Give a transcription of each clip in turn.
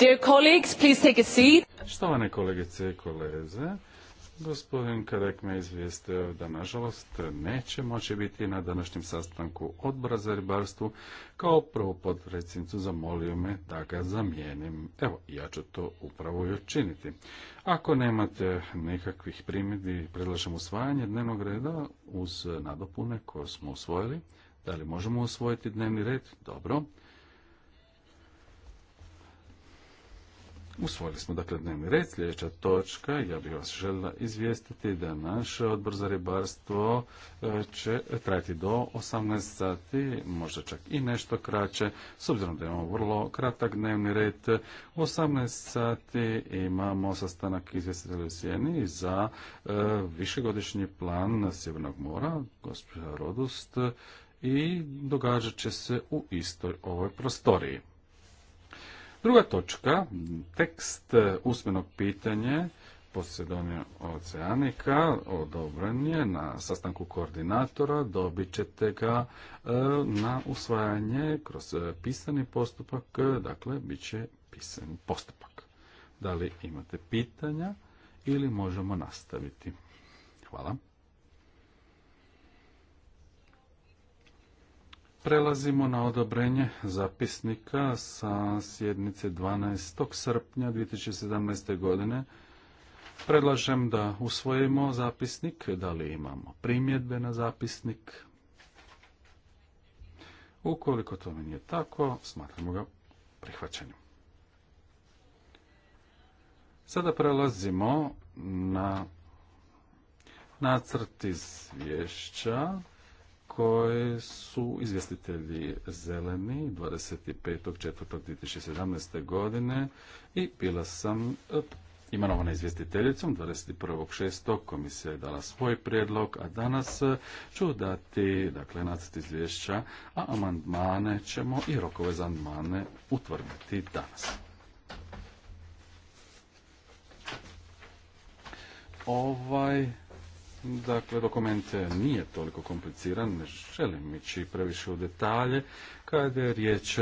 Dear colleagues, please take a seat. Štovane kolegice i koleze, gospodin Karek me izvijestio da nažalost neće moći biti na današnjem sastanku odbora za ribarstvu, kao prvo podpredsjednicu zamolio me da ga zamijenim. Evo, ja ću to upravo i učiniti. Ako nemate nekakvih primjedbi, predlažem usvajanje dnevnog reda uz nadopune koje smo usvojili. Da li možemo usvojiti dnevni red? Dobro. Usvojili smo dakle dnevni red. Sljedeća točka, ja bih vas željela izvijestiti da naš odbor za ribarstvo e, će trajati do 18 sati, možda čak i nešto kraće, s obzirom da imamo vrlo kratak dnevni red. U 18 sati imamo sastanak izvjestitelja u Sjeni za e, višegodišnji plan Sjevernog mora, gospođa Rodust, i događat će se u istoj ovoj prostoriji. Druga točka, tekst e, usmenog pitanja Posedonija Oceanika odobren je na sastanku koordinatora, dobit ćete ga e, na usvajanje kroz e, pisani postupak, dakle bit će pisani postupak. Da li imate pitanja ili možemo nastaviti? Hvala. Prelazimo na odobrenje zapisnika sa sjednice 12. srpnja 2017. godine. Predlažem da usvojimo zapisnik, da li imamo primjedbe na zapisnik. Ukoliko to nije tako, smatramo ga prihvaćenim. Sada prelazimo na nacrt izvješća koje su izvjestitelji zeleni 25.4.2017. godine i bila sam eh, imenovana izvjestiteljicom 21.6. komisija je dala svoj prijedlog, a danas eh, ću dati dakle, nacrt izvješća, a amandmane ćemo i rokove za amandmane utvrditi danas. Ovaj Dakle, dokument nije toliko kompliciran, ne želim ići previše u detalje kada je riječ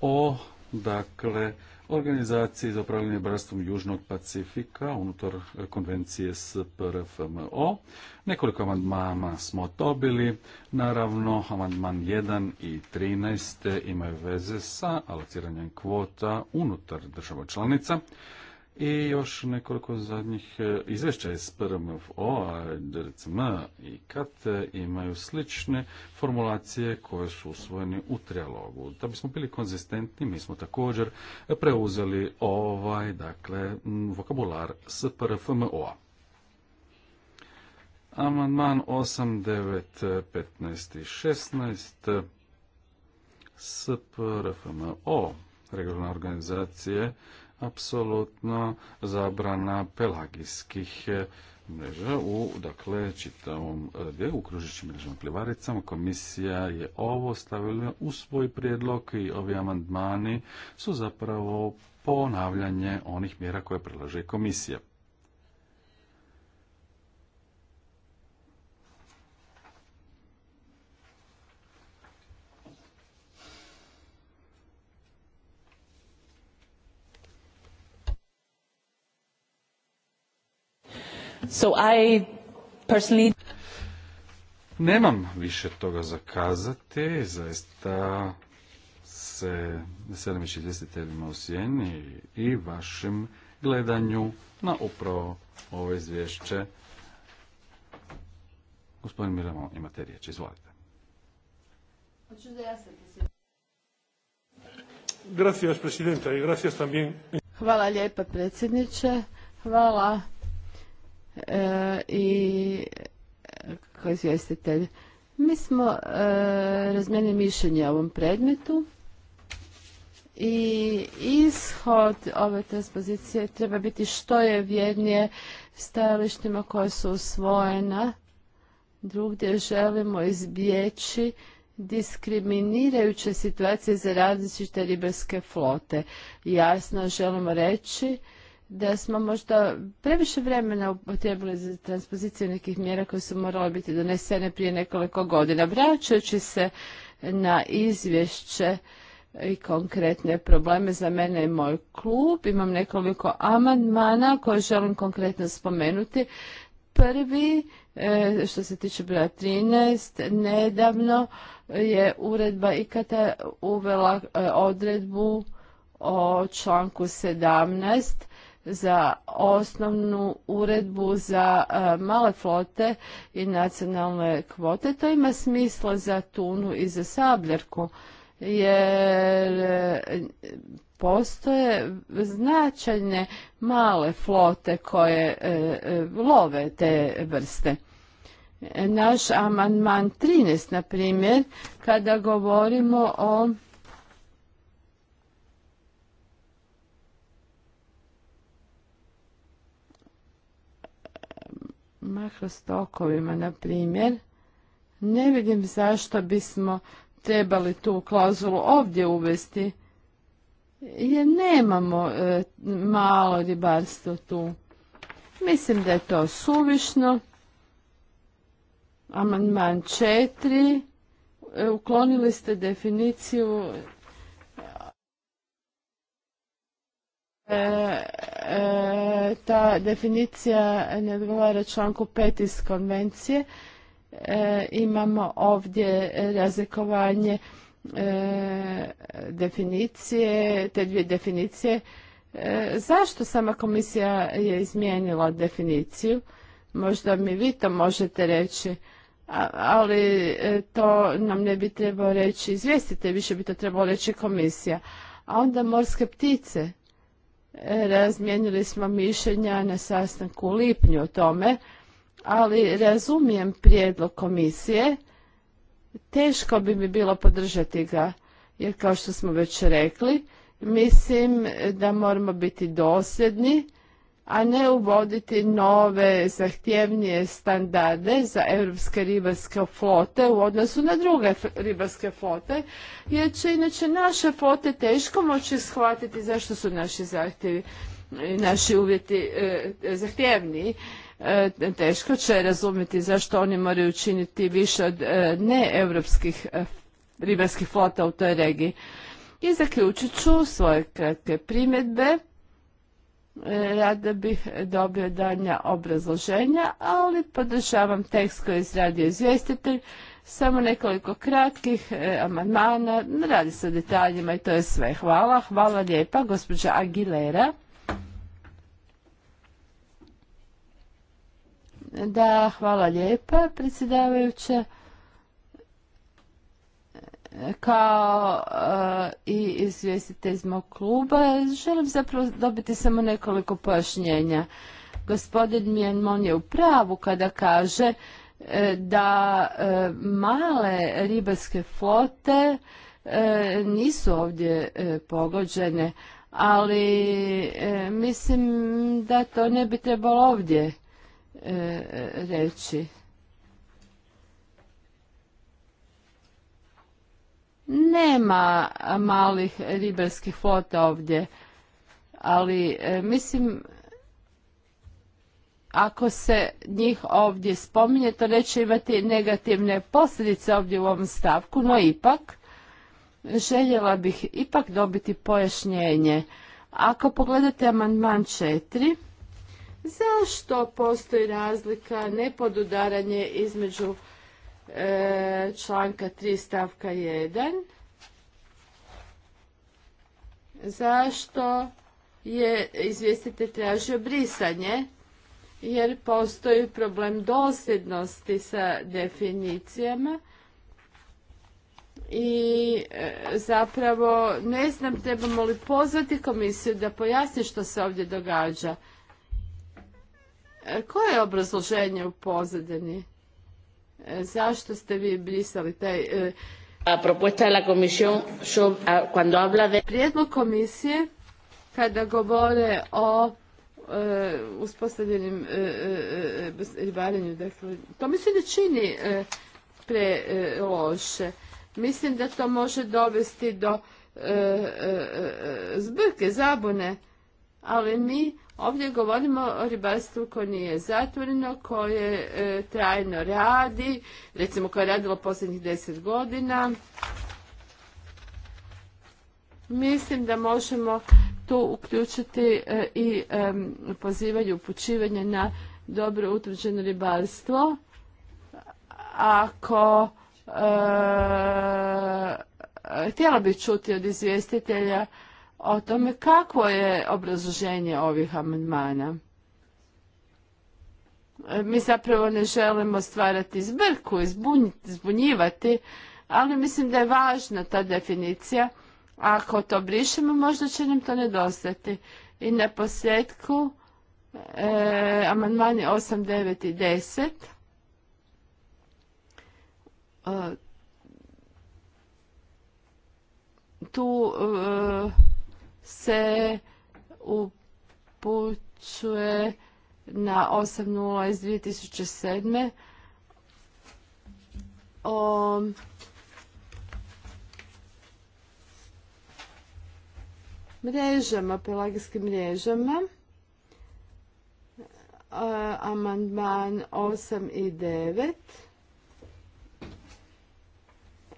o dakle, organizaciji za upravljanje brastvom Južnog Pacifika unutar konvencije s PRFMO. Nekoliko amandmana smo dobili. Naravno, amandman 1 i 13 imaju veze sa alociranjem kvota unutar država članica. I još nekoliko zadnjih e, izvješća iz PRMFO, DRCM i KAT imaju slične formulacije koje su usvojene u trialogu. Da bismo bili konzistentni, mi smo također preuzeli ovaj, dakle, vokabular s PRFMO-a. Amandman 8, 9, 15 i 16 s PRFMO, regionalne organizacije, apsolutno zabrana pelagijskih eh, mreža u dakle čitavom eh, gdje u kružićim mrežama plivaricama. Komisija je ovo stavila u svoj prijedlog i ovi amandmani su zapravo ponavljanje onih mjera koje predlaže komisija. Nemam više toga kazati zaista se veselim izvjestiteljima u i vašem gledanju na upravo ovo izvješće. Gospodin Miramo, imate riječ, izvolite. Hvala lijepa, predsjedniče. Hvala E, i kao izvjestitelj. Mi smo e, razmijenili mišljenje o ovom predmetu i ishod ove transpozicije treba biti što je vjednije stajalištima koja su usvojena. Drugdje želimo izbjeći diskriminirajuće situacije za različite ribarske flote. Jasno želimo reći da smo možda previše vremena upotrijebili za transpoziciju nekih mjera koje su morale biti donesene prije nekoliko godina. Vraćajući se na izvješće i konkretne probleme za mene i moj klub, imam nekoliko amandmana koje želim konkretno spomenuti. Prvi, e, što se tiče broja 13, nedavno je uredba IKATA uvela e, odredbu o članku 17 za osnovnu uredbu za e, male flote i nacionalne kvote. To ima smisla za tunu i za sabljarku jer e, postoje značajne male flote koje e, love te vrste. Naš amandman 13, na primjer, kada govorimo o makrostokovima, na primjer, ne vidim zašto bismo trebali tu klauzulu ovdje uvesti, jer nemamo e, malo ribarstvo tu. Mislim da je to suvišno. Amandman 4. E, uklonili ste definiciju E, e, ta definicija ne odgovara članku 5 iz konvencije. E, imamo ovdje razlikovanje definicije, te dvije definicije. Zašto sama komisija je izmijenila definiciju? Možda mi vi to možete reći, ali to nam ne bi trebao reći izvjestitelj, više bi to trebalo reći komisija. A onda morske ptice, Razmijenili smo mišljenja na sastanku u lipnju o tome, ali razumijem prijedlog komisije. Teško bi mi bilo podržati ga, jer kao što smo već rekli, mislim da moramo biti dosljedni a ne uvoditi nove zahtjevnije standarde za europske ribarske flote u odnosu na druge ribarske flote, jer će inače naše flote teško moći shvatiti zašto su naši zahtjevi, naši uvjeti zahtjevni. zahtjevniji. E, teško će razumjeti zašto oni moraju učiniti više od ne neeuropskih e, ribarskih flota u toj regiji. I zaključit ću svoje kratke primjedbe E, rada bih dobio danja obrazloženja, ali podržavam tekst koji je izradio izvjestitelj, samo nekoliko kratkih e, amandmana, radi se o detaljima i to je sve. Hvala, hvala lijepa, gospođa Aguilera. Da, hvala lijepa, predsjedavajuća kao e, i izvjestitelj iz mog kluba, želim zapravo dobiti samo nekoliko pojašnjenja. Gospodin Mijenmon je u pravu kada kaže e, da e, male ribarske flote nisu ovdje pogođene, ali mislim da to ne bi trebalo ovdje reći. nema malih ribarskih flota ovdje, ali e, mislim ako se njih ovdje spominje, to neće imati negativne posljedice ovdje u ovom stavku, no ipak željela bih ipak dobiti pojašnjenje. Ako pogledate amandman 4, zašto postoji razlika, nepodudaranje između e, članka 3 stavka 1 zašto je izvjestitelj tražio brisanje, jer postoji problem dosljednosti sa definicijama i e, zapravo ne znam trebamo li pozvati komisiju da pojasni što se ovdje događa. E, koje je obrazloženje u pozadini? E, zašto ste vi brisali taj Prijedlog komisije kada govore o e, uspostavljenim e, e, ribarenju, dakle, to mi se ne čini pre loše. Mislim da to može dovesti do zbrke, zabune, ali mi Ovdje govorimo o ribarstvu koje nije zatvoreno, koje e, trajno radi, recimo koje je radilo posljednjih deset godina. Mislim da možemo tu uključiti e, i e, pozivanje upućivanje na dobro utvrđeno ribarstvo. Ako e, htjela bih čuti od izvjestitelja o tome kako je obrazloženje ovih amandmana. E, mi zapravo ne želimo stvarati zbrku zbunjivati, ali mislim da je važna ta definicija. Ako to brišemo, možda će nam to nedostati. I na posljedku, e, amandmani 8, 9 i 10. E, tu se upućuje na 8.0 iz 2007. O mrežama, pelagijskim mrežama. Amandman 8 i 9.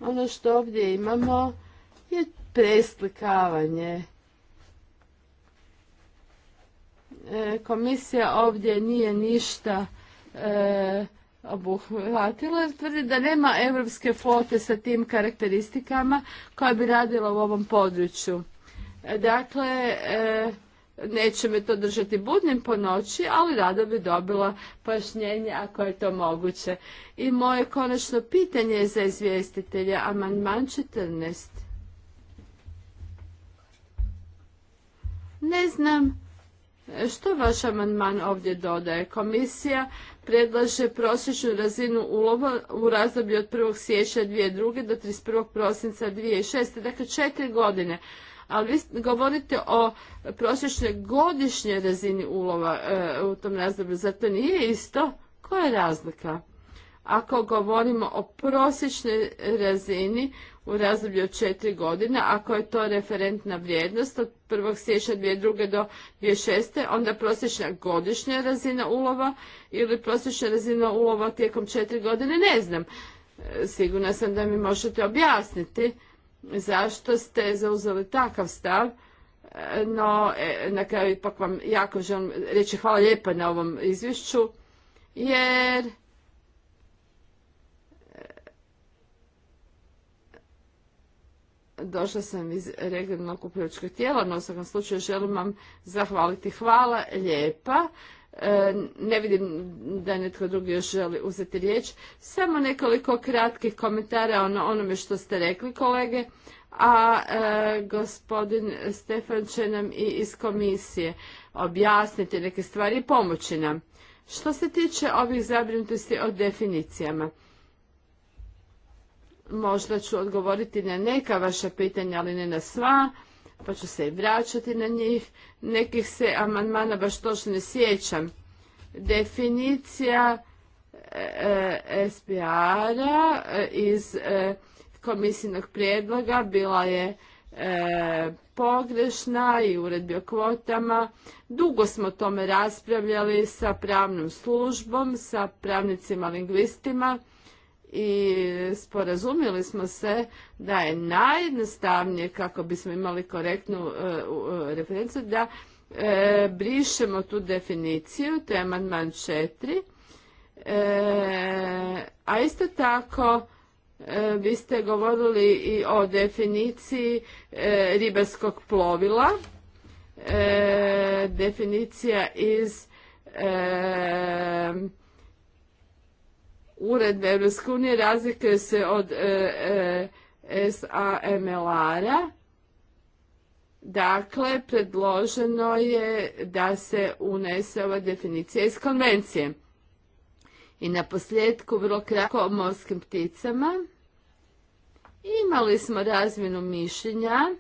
Ono što ovdje imamo je preslikavanje E, komisija ovdje nije ništa obuhvatila e, obuhvatila. Tvrdi da nema europske flote sa tim karakteristikama koja bi radila u ovom području. E, dakle, neće me to držati budnim po noći, ali rado bi dobila pojašnjenje ako je to moguće. I moje konačno pitanje za izvjestitelja, amandman 14. Ne znam što vaš amandman ovdje dodaje? Komisija predlaže prosječnu razinu ulova u razdoblju od 1. siječnja 2002. do 31. prosinca 2006. Dakle, četiri godine. Ali vi govorite o prosječnoj godišnjoj razini ulova e, u tom razdoblju. Zato nije isto. Koja je razlika? Ako govorimo o prosječnoj razini u razdoblju od četiri godine, ako je to referentna vrijednost od 1. siječnja druge do šeste, onda prosječna godišnja razina ulova ili prosječna razina ulova tijekom četiri godine, ne znam. E, sigurna sam da mi možete objasniti zašto ste zauzeli takav stav, e, no e, na kraju ipak vam jako želim reći hvala lijepa na ovom izvješću, jer došla sam iz regionalnog upravičkog tijela, na u svakom slučaju želim vam zahvaliti. Hvala lijepa. E, ne vidim da netko drugi još želi uzeti riječ. Samo nekoliko kratkih komentara o ono- onome što ste rekli kolege, a e, gospodin Stefan će nam i iz komisije objasniti neke stvari i pomoći nam. Što se tiče ovih zabrinutosti o definicijama, Možda ću odgovoriti na neka vaša pitanja, ali ne na sva, pa ću se i vraćati na njih. Nekih se amandmana baš točno ne sjećam. Definicija e, e, SPR-a e, iz komisijnog prijedloga bila je pogrešna i uredbi o kvotama. Dugo smo o tome raspravljali sa pravnom službom, sa pravnicima lingvistima i sporazumjeli smo se da je najjednostavnije kako bismo imali korektnu e, e, referenciju da e, brišemo tu definiciju, to je amandman 4. a isto tako vi ste govorili i o definiciji ribarskog plovila. Definicija iz uredbe Europske unije razlikuje se od e, e samlr Dakle, predloženo je da se unese ova definicija iz konvencije. I na posljedku vrlo kratko o morskim pticama. Imali smo razmjenu mišljenja.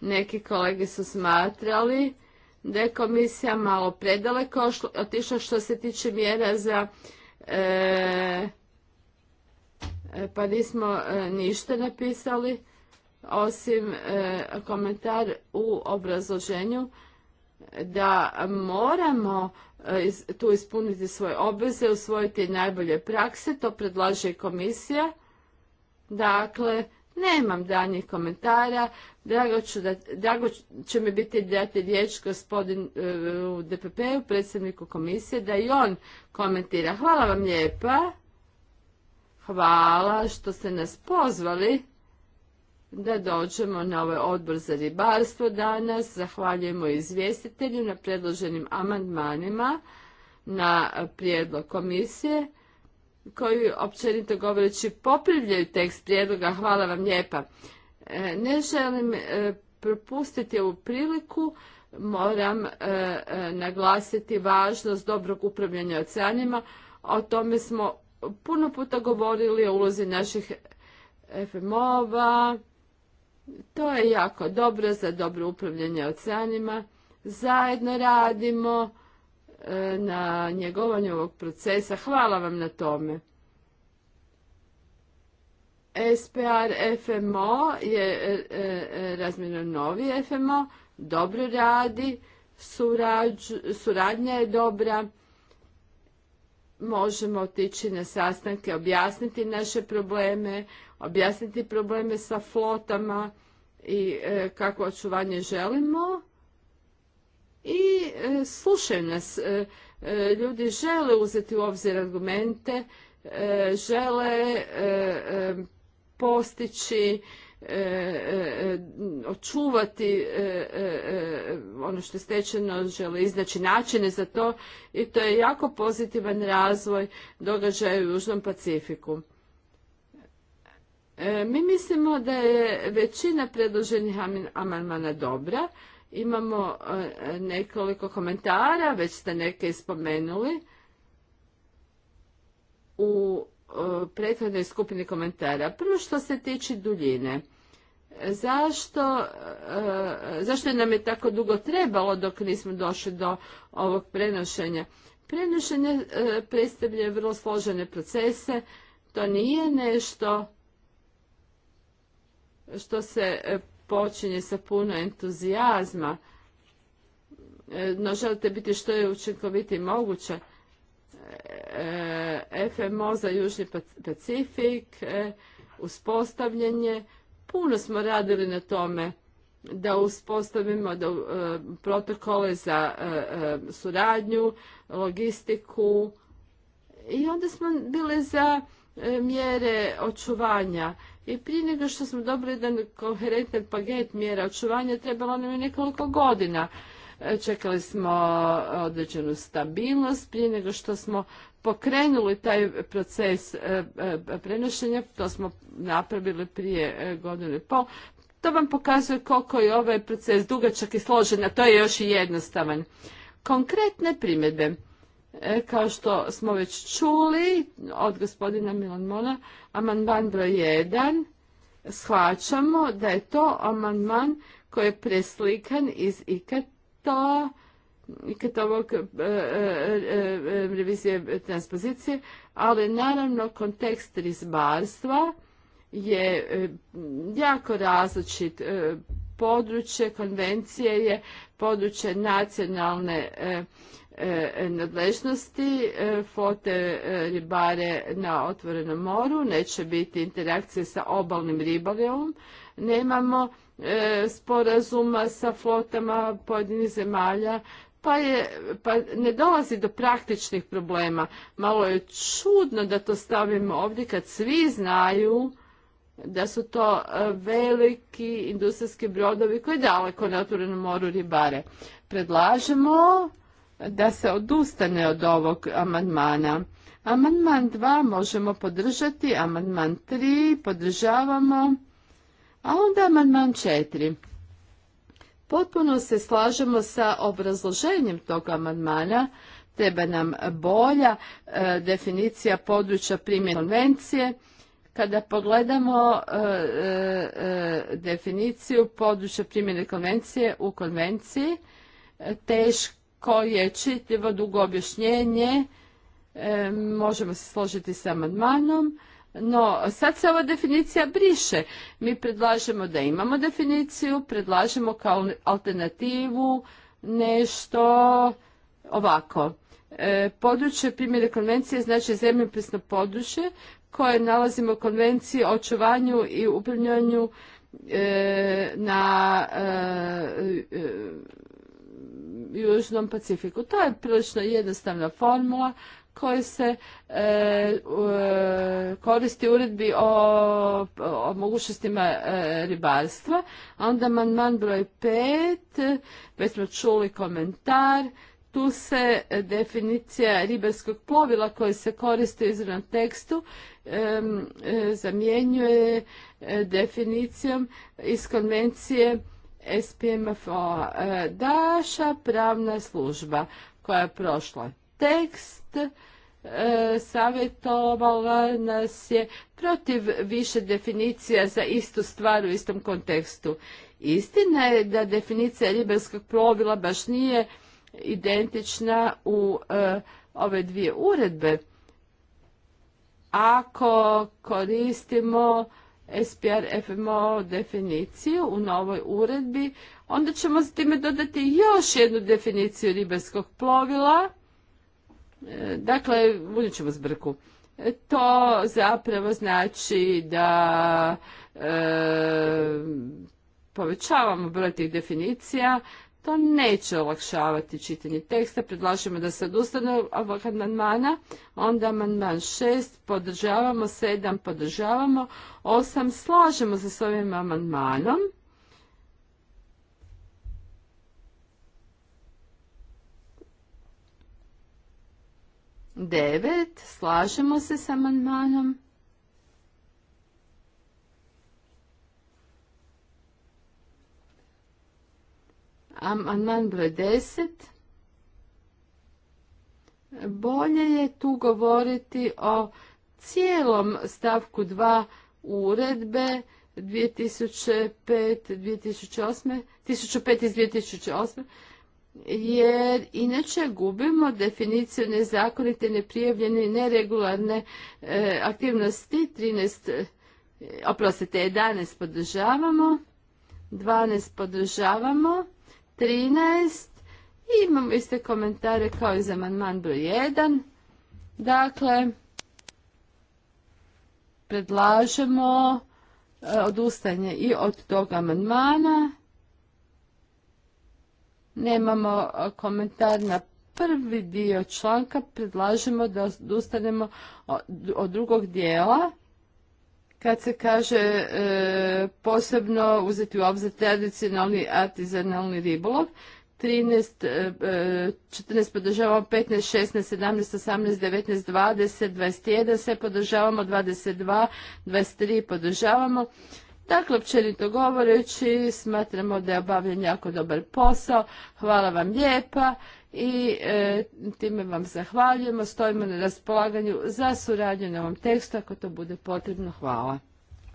Neki kolege su smatrali da je komisija malo predaleko otišla što se tiče mjera za E, e, pa nismo e, ništa napisali osim komentar u obrazloženju da moramo tu ispuniti svoje obveze, usvojiti najbolje prakse, to predlaže komisija. Dakle, Nemam danjih komentara. Drago, će mi biti dati riječ gospodin e, u DPP-u, predsjedniku komisije, da i on komentira. Hvala vam lijepa. Hvala što ste nas pozvali da dođemo na ovaj odbor za ribarstvo danas. Zahvaljujemo izvjestitelju na predloženim amandmanima na prijedlog komisije koji općenito govoreći popravljaju tekst prijedloga. Hvala vam lijepa. E, ne želim e, propustiti ovu priliku. Moram e, naglasiti važnost dobrog upravljanja oceanima. O tome smo puno puta govorili o ulozi naših FMO-ova. To je jako dobro za dobro upravljanje oceanima. Zajedno radimo E, na njegovanju ovog procesa. Hvala vam na tome. SPR FMO je e, e, razmjerno novi FMO, dobro radi, suradnja je dobra, možemo otići na sastanke, objasniti naše probleme, objasniti probleme sa flotama i kako očuvanje želimo i e, slušaju nas. E, e, ljudi žele uzeti u obzir argumente, žele postići očuvati ono što je stečeno, žele iznaći načine za to i to je jako pozitivan razvoj događaja u Južnom Pacifiku. Mi mislimo da je većina predloženih amandmana dobra, Imamo e, nekoliko komentara, već ste neke spomenuli. U e, prethodnoj skupini komentara. Prvo što se tiče duljine. Zašto, e, zašto nam je tako dugo trebalo dok nismo došli do ovog prenošenja? Prenošenje predstavlja vrlo složene procese. To nije nešto što se počinje sa puno entuzijazma, e, no želite biti što je učinkovitiji moguće. E, e, FMO za Južni pa- Pacifik, uspostavljenje. puno smo radili na tome da uspostavimo protokole za suradnju, logistiku i onda smo bili za mjere očuvanja i prije nego što smo dobili jedan koherentan paket mjera očuvanja, trebalo nam je nekoliko godina. E, čekali smo e, određenu stabilnost prije nego što smo pokrenuli taj proces e, prenošenja, to smo napravili prije godinu i pol. To vam pokazuje koliko je ovaj proces dugačak i složen, a to je još i jednostavan. Konkretne primjedbe. E, kao što smo već čuli od gospodina Milan Mona, amandman broj 1, shvaćamo da je to amandman koji je preslikan iz ikata to, ovog e, e, revizije transpozicije, ali naravno kontekst rizbarstva je jako različit. Područje konvencije je područje nacionalne E, nadležnosti. E, flote e, ribare na otvorenom moru, neće biti interakcije sa obalnim ribarom, Nemamo sporazuma sa flotama pojedinih zemalja pa, je, pa ne dolazi do praktičnih problema. Malo je čudno da to stavimo ovdje kad svi znaju da su to veliki industrijski brodovi koji daleko na otvorenom moru ribare. Predlažemo da se odustane od ovog amandmana. Amandman 2 možemo podržati, amandman 3 podržavamo, a onda amandman 4. Potpuno se slažemo sa obrazloženjem tog amandmana, treba nam bolja e, definicija područja primjene konvencije. Kada pogledamo e, e, definiciju područja primjene konvencije u konvenciji, teško koji je čitljivo dugo objašnjenje, e, možemo se složiti sa amandmanom, no sad se ova definicija briše. Mi predlažemo da imamo definiciju, predlažemo kao alternativu nešto ovako. E, područje primjere konvencije znači zemljopisno područje koje nalazimo u konvenciji o očuvanju i upravljanju e, na Južnom Pacifiku. To je prilično jednostavna formula koja se e, e, koristi koristi uredbi o, mogućnostima e, ribarstva. Onda man broj pet, već smo čuli komentar, tu se definicija ribarskog plovila koji se koristi u izravnom tekstu zamjenjuje definicijom iz konvencije SPMFO e, Daša, pravna služba koja je prošla tekst, e, savjetovala nas je protiv više definicija za istu stvar u istom kontekstu. Istina je da definicija ribarskog plovila baš nije identična u e, ove dvije uredbe. Ako koristimo SPR FMO definiciju u novoj uredbi, onda ćemo s time dodati još jednu definiciju ribarskog plovila, e, dakle, unit ćemo zbrku. E, to zapravo znači da e, povećavamo broj tih definicija to neće olakšavati čitanje teksta. Predlažemo da se odustane ovog amandmana. Onda amandman 6 podržavamo, 7 podržavamo, 8 slažemo se s ovim amandmanom. Devet, slažemo se s amandmanom. Amandman broj 10. Bolje je tu govoriti o cijelom stavku 2 uredbe 2005, 2008, iz 2008 jer inače gubimo definiciju nezakonite, neprijavljene i neregularne e, aktivnosti. 13, e, oprostite, 11 podržavamo, 12 podržavamo, 13 i imamo iste komentare kao i za amandman broj 1. Dakle, predlažemo e, odustanje i od tog amandmana. Nemamo e, komentar na prvi dio članka, predlažemo da odustanemo od drugog dijela kad se kaže e, posebno uzeti u obzir tradicionalni artizanalni ribolov, 13, 14 e, e, podržavamo, 15, 16, 17, 18, 19, 20, 21 sve podržavamo, 22, 23 podržavamo. Dakle, općenito govoreći, smatramo da je obavljen jako dobar posao. Hvala vam lijepa i e, time vam zahvaljujemo, stojimo na raspolaganju za suradnju na ovom tekstu ako to bude potrebno. Hvala.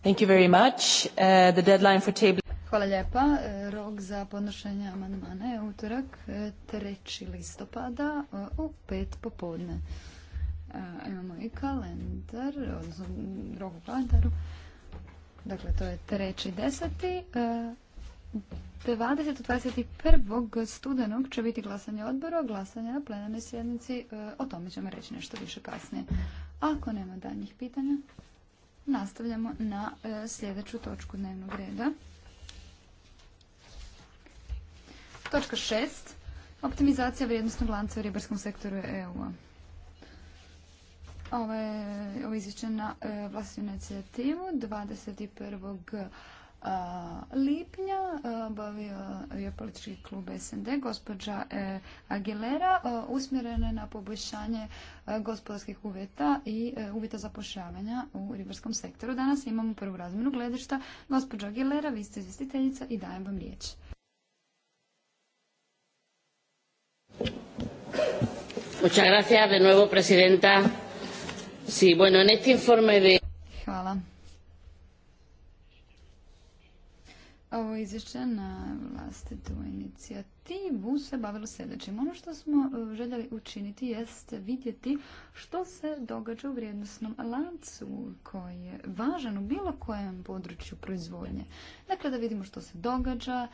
Thank you very much. Uh, the deadline for table... Hvala lijepa. E, rok za podnošenje amandmana je utorak 3. E, listopada e, u pet popodne. imamo i kalendar, odnosno rok u kalendaru. Dakle, to je treći deseti. 20. 21. studenog će biti glasanje odbora, glasanje na plenarnoj sjednici, e, o tome ćemo reći nešto više kasnije. Ako nema danjih pitanja, nastavljamo na e, sljedeću točku dnevnog reda. Točka 6. Optimizacija vrijednostnog lanca u ribarskom sektoru EU-a. Ovo je na e, vlastnu inicijativu 21 lipnja obavio je politički klub SND gospođa e, Aguilera e, usmjerena na poboljšanje e, gospodarskih uvjeta i uvjeta zapošljavanja u ribarskom sektoru. Danas imamo prvu razmjenu gledišta. Gospođa Aguilera, vi ste izvjestiteljica i dajem vam riječ. Muchas gracias de nuevo, presidenta. bueno, en este informe de... Hvala. ovo izvješće na vlastitu inicijativu se bavilo sljedećim. Ono što smo e, željeli učiniti jest vidjeti što se događa u vrijednostnom lancu koji je važan u bilo kojem području proizvodnje. Dakle, da vidimo što se događa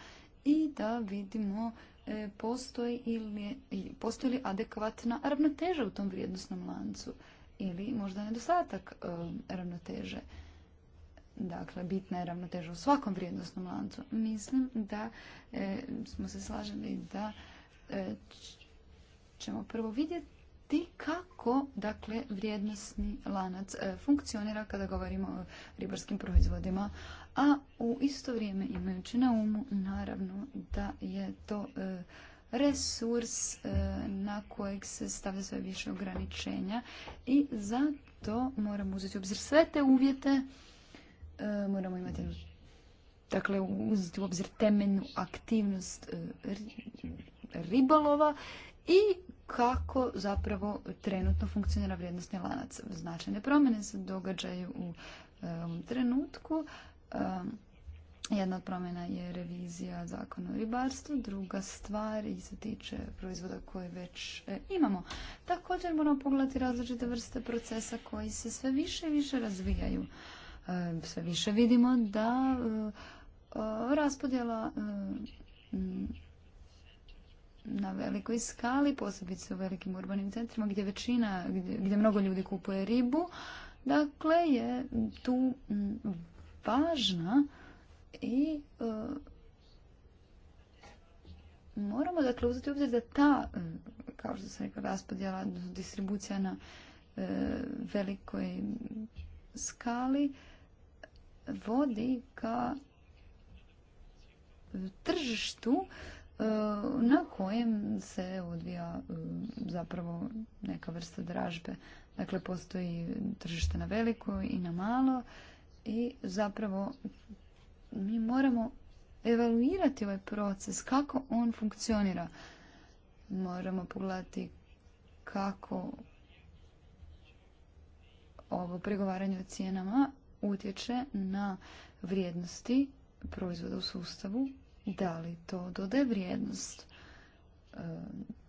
i da vidimo e, postoji, ili, postoji li adekvatna ravnoteža u tom vrijednostnom lancu ili možda nedostatak e, ravnoteže. Dakle, bitna je ravnoteža u svakom vrijednostnom lancu. Mislim da e, smo se slažili da e, ćemo prvo vidjeti kako dakle, vrijednostni lanac e, funkcionira kada govorimo o ribarskim proizvodima, a u isto vrijeme imajući na umu naravno da je to resurs na kojeg se stavlja sve više ograničenja i zato moramo uzeti obzir sve te uvjete E, moramo imati dakle uzeti u obzir temeljnu aktivnost e, ribolova i kako zapravo trenutno funkcionira vrijednostni lanac. Značajne promjene se događaju u e, ovom trenutku. Jedna od promjena je revizija zakona o ribarstvu, druga stvar i se tiče proizvoda koje već imamo. Također moramo pogledati različite vrste procesa koji se sve više i više razvijaju. E, sve više vidimo da e, e, raspodjela na velikoj skali, posebice u velikim urbanim centrima gdje većina, gdje, mnogo ljudi kupuje ribu, dakle je tu važna i moramo dakle uzeti obzir da ta, kao što sam rekla, raspodjela, distribucija na velikoj skali vodi ka tržištu e, na kojem se odvija e, zapravo neka vrsta dražbe. Dakle, postoji tržište na veliko i na malo i zapravo mi moramo evaluirati ovaj proces, kako on funkcionira. Moramo pogledati kako ovo pregovaranje o cijenama utječe na vrijednosti proizvoda u sustavu, da li to dodaje vrijednost e,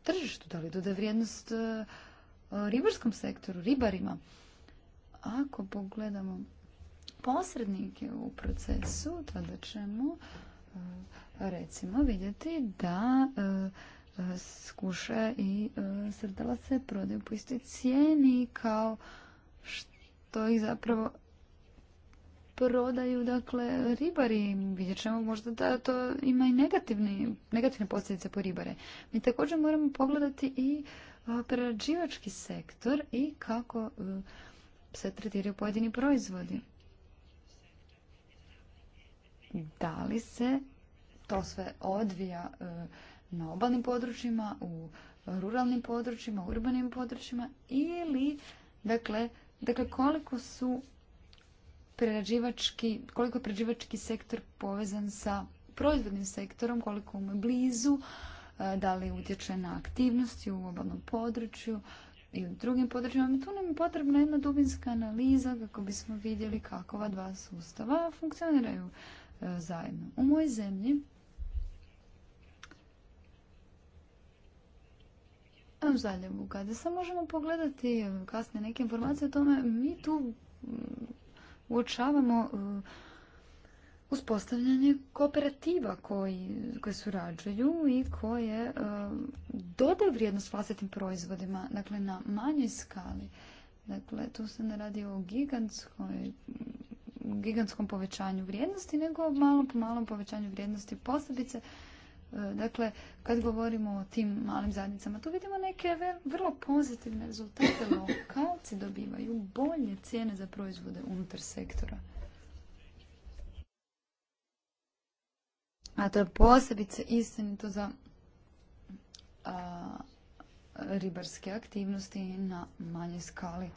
tržištu, da li dodaje vrijednost e, ribarskom sektoru, ribarima. Ako pogledamo posrednike u procesu, tada ćemo e, recimo vidjeti da skuše i srdala se prodaju po istoj cijeni kao što ih zapravo prodaju dakle ribari. Vidjet ćemo možda da to ima i negativne, negativne posljedice po ribare. Mi također moramo pogledati i prerađivački sektor i kako e, se tretiraju pojedini proizvodi. Da li se to sve odvija e, na obalnim područjima, u ruralnim područjima, u urbanim područjima ili dakle, dakle koliko su prerađivački, koliko je prerađivački sektor povezan sa proizvodnim sektorom, koliko mu je blizu, e, da li utječe na aktivnosti u obalnom području i u drugim područjima. Tu nam je potrebna jedna dubinska analiza kako bismo vidjeli kako ova dva sustava funkcioniraju e, zajedno. U mojoj zemlji u Zaljevu, kada sam možemo pogledati kasnije neke informacije o tome, mi tu uočavamo e, uspostavljanje kooperativa koji, koje surađuju i koje e, dodaju vrijednost vlastitim proizvodima, dakle na manjoj skali. Dakle, tu se ne radi o gigantskom povećanju vrijednosti, nego o malom po malom povećanju vrijednosti posebice E, dakle, kad govorimo o tim malim zajednicama, tu vidimo neke vrlo pozitivne rezultate. Lokalci dobivaju bolje cijene za proizvode unutar sektora. A to je posebice istinito za a, ribarske aktivnosti na manje skali.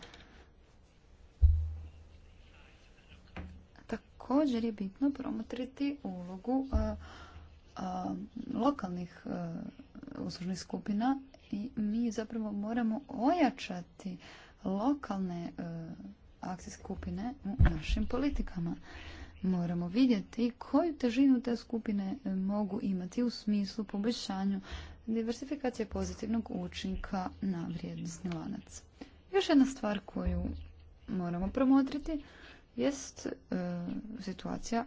Također je bitno promotriti ulogu a, lokalnih e, uslužnih skupina i mi zapravo moramo ojačati lokalne e, akcije skupine u našim politikama. Moramo vidjeti koju težinu te skupine e, mogu imati u smislu poboljšanju diversifikacije pozitivnog učinka na vrijednostni lanac. Još jedna stvar koju moramo promotriti jest situacija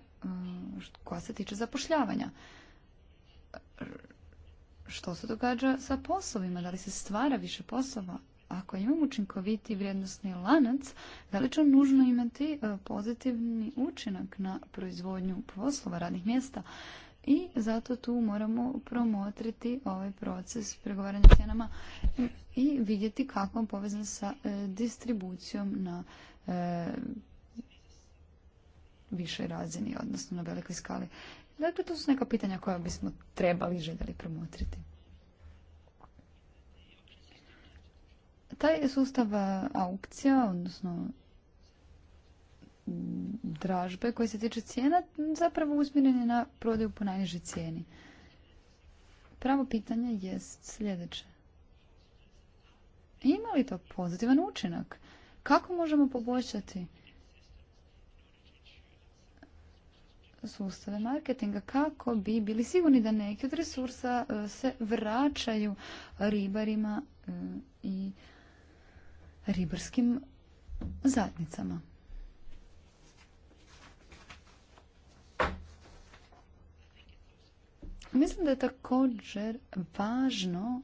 koja se tiče zapošljavanja što se događa sa poslovima, da li se stvara više poslova. Ako imamo učinkoviti vrijednostni lanac, da li će on nužno imati e, pozitivni učinak na proizvodnju poslova radnih mjesta? I zato tu moramo promotriti ovaj proces pregovaranja cijenama i vidjeti kako on povezan sa e, distribucijom na više višoj razini, odnosno na velikoj skali. Dakle, to su neka pitanja koja bismo trebali i željeli promotriti. Taj sustav e, aukcija, odnosno dražbe koji se tiče cijena, zapravo usmjeren je na prodaju po najnižoj cijeni. Pravo pitanje je sljedeće. Ima li to pozitivan učinak? Kako možemo poboljšati sustave marketinga kako bi bili sigurni da neki od resursa e, se vraćaju ribarima e, i ribarskim zajednicama. Mislim da je također važno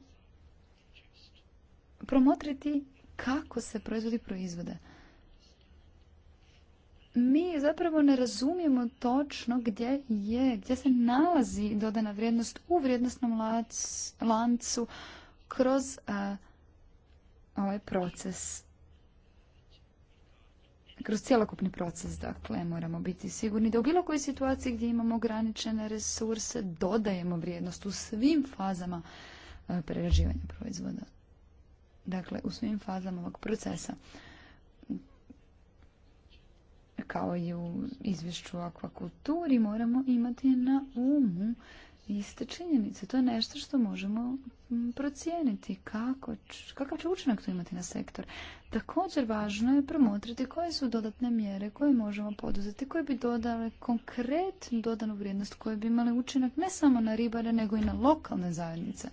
promotriti kako se proizvodi proizvode mi zapravo ne razumijemo točno gdje je, gdje se nalazi dodana vrijednost u vrijednostnom lancu kroz ovaj proces. Kroz cjelokupni proces, dakle, moramo biti sigurni da u bilo kojoj situaciji gdje imamo ograničene resurse dodajemo vrijednost u svim fazama prerađivanja proizvoda. Dakle, u svim fazama ovog procesa kao i u izvješću o akvakulturi, moramo imati na umu iste činjenice. To je nešto što možemo procijeniti kakav će učinak to imati na sektor. Također važno je promotriti koje su dodatne mjere koje možemo poduzeti, koje bi dodale konkretnu dodanu vrijednost, koje bi imale učinak ne samo na ribare, nego i na lokalne zajednice.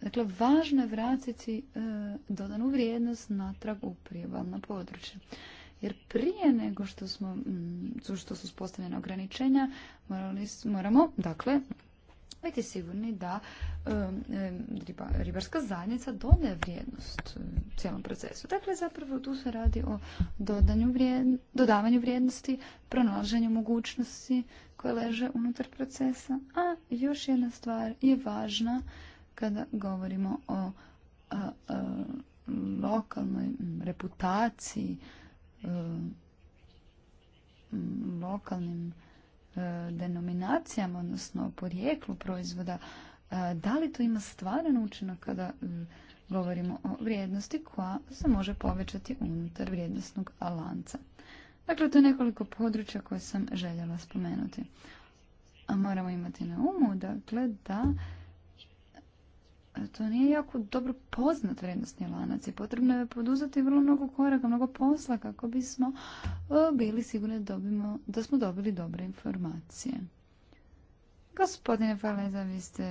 Dakle, važno je vratiti e, dodanu vrijednost natrag u priobalna područja. Jer prije nego što, smo, mm, što su spostavljene ograničenja, morali, moramo, dakle, biti sigurni da ribarska zajednica dodaje vrijednost cijelom procesu. Dakle, zapravo tu se radi o dodavanju vrijednosti, pronalaženju mogućnosti koje leže unutar procesa. A još jedna stvar je važna kada govorimo o lokalnoj reputaciji lokalnim e, denominacijama, odnosno porijeklu proizvoda, e, da li to ima stvaran učinak kada govorimo o vrijednosti koja se može povećati unutar vrijednostnog lanca. Dakle, to je nekoliko područja koje sam željela spomenuti. A moramo imati na umu, dakle, da to nije jako dobro poznat vrednostni lanac i potrebno je poduzeti vrlo mnogo koraka, mnogo posla kako bismo e, bili sigurni da, dobimo, da smo dobili dobre informacije. Gospodine Paleza, vi ste,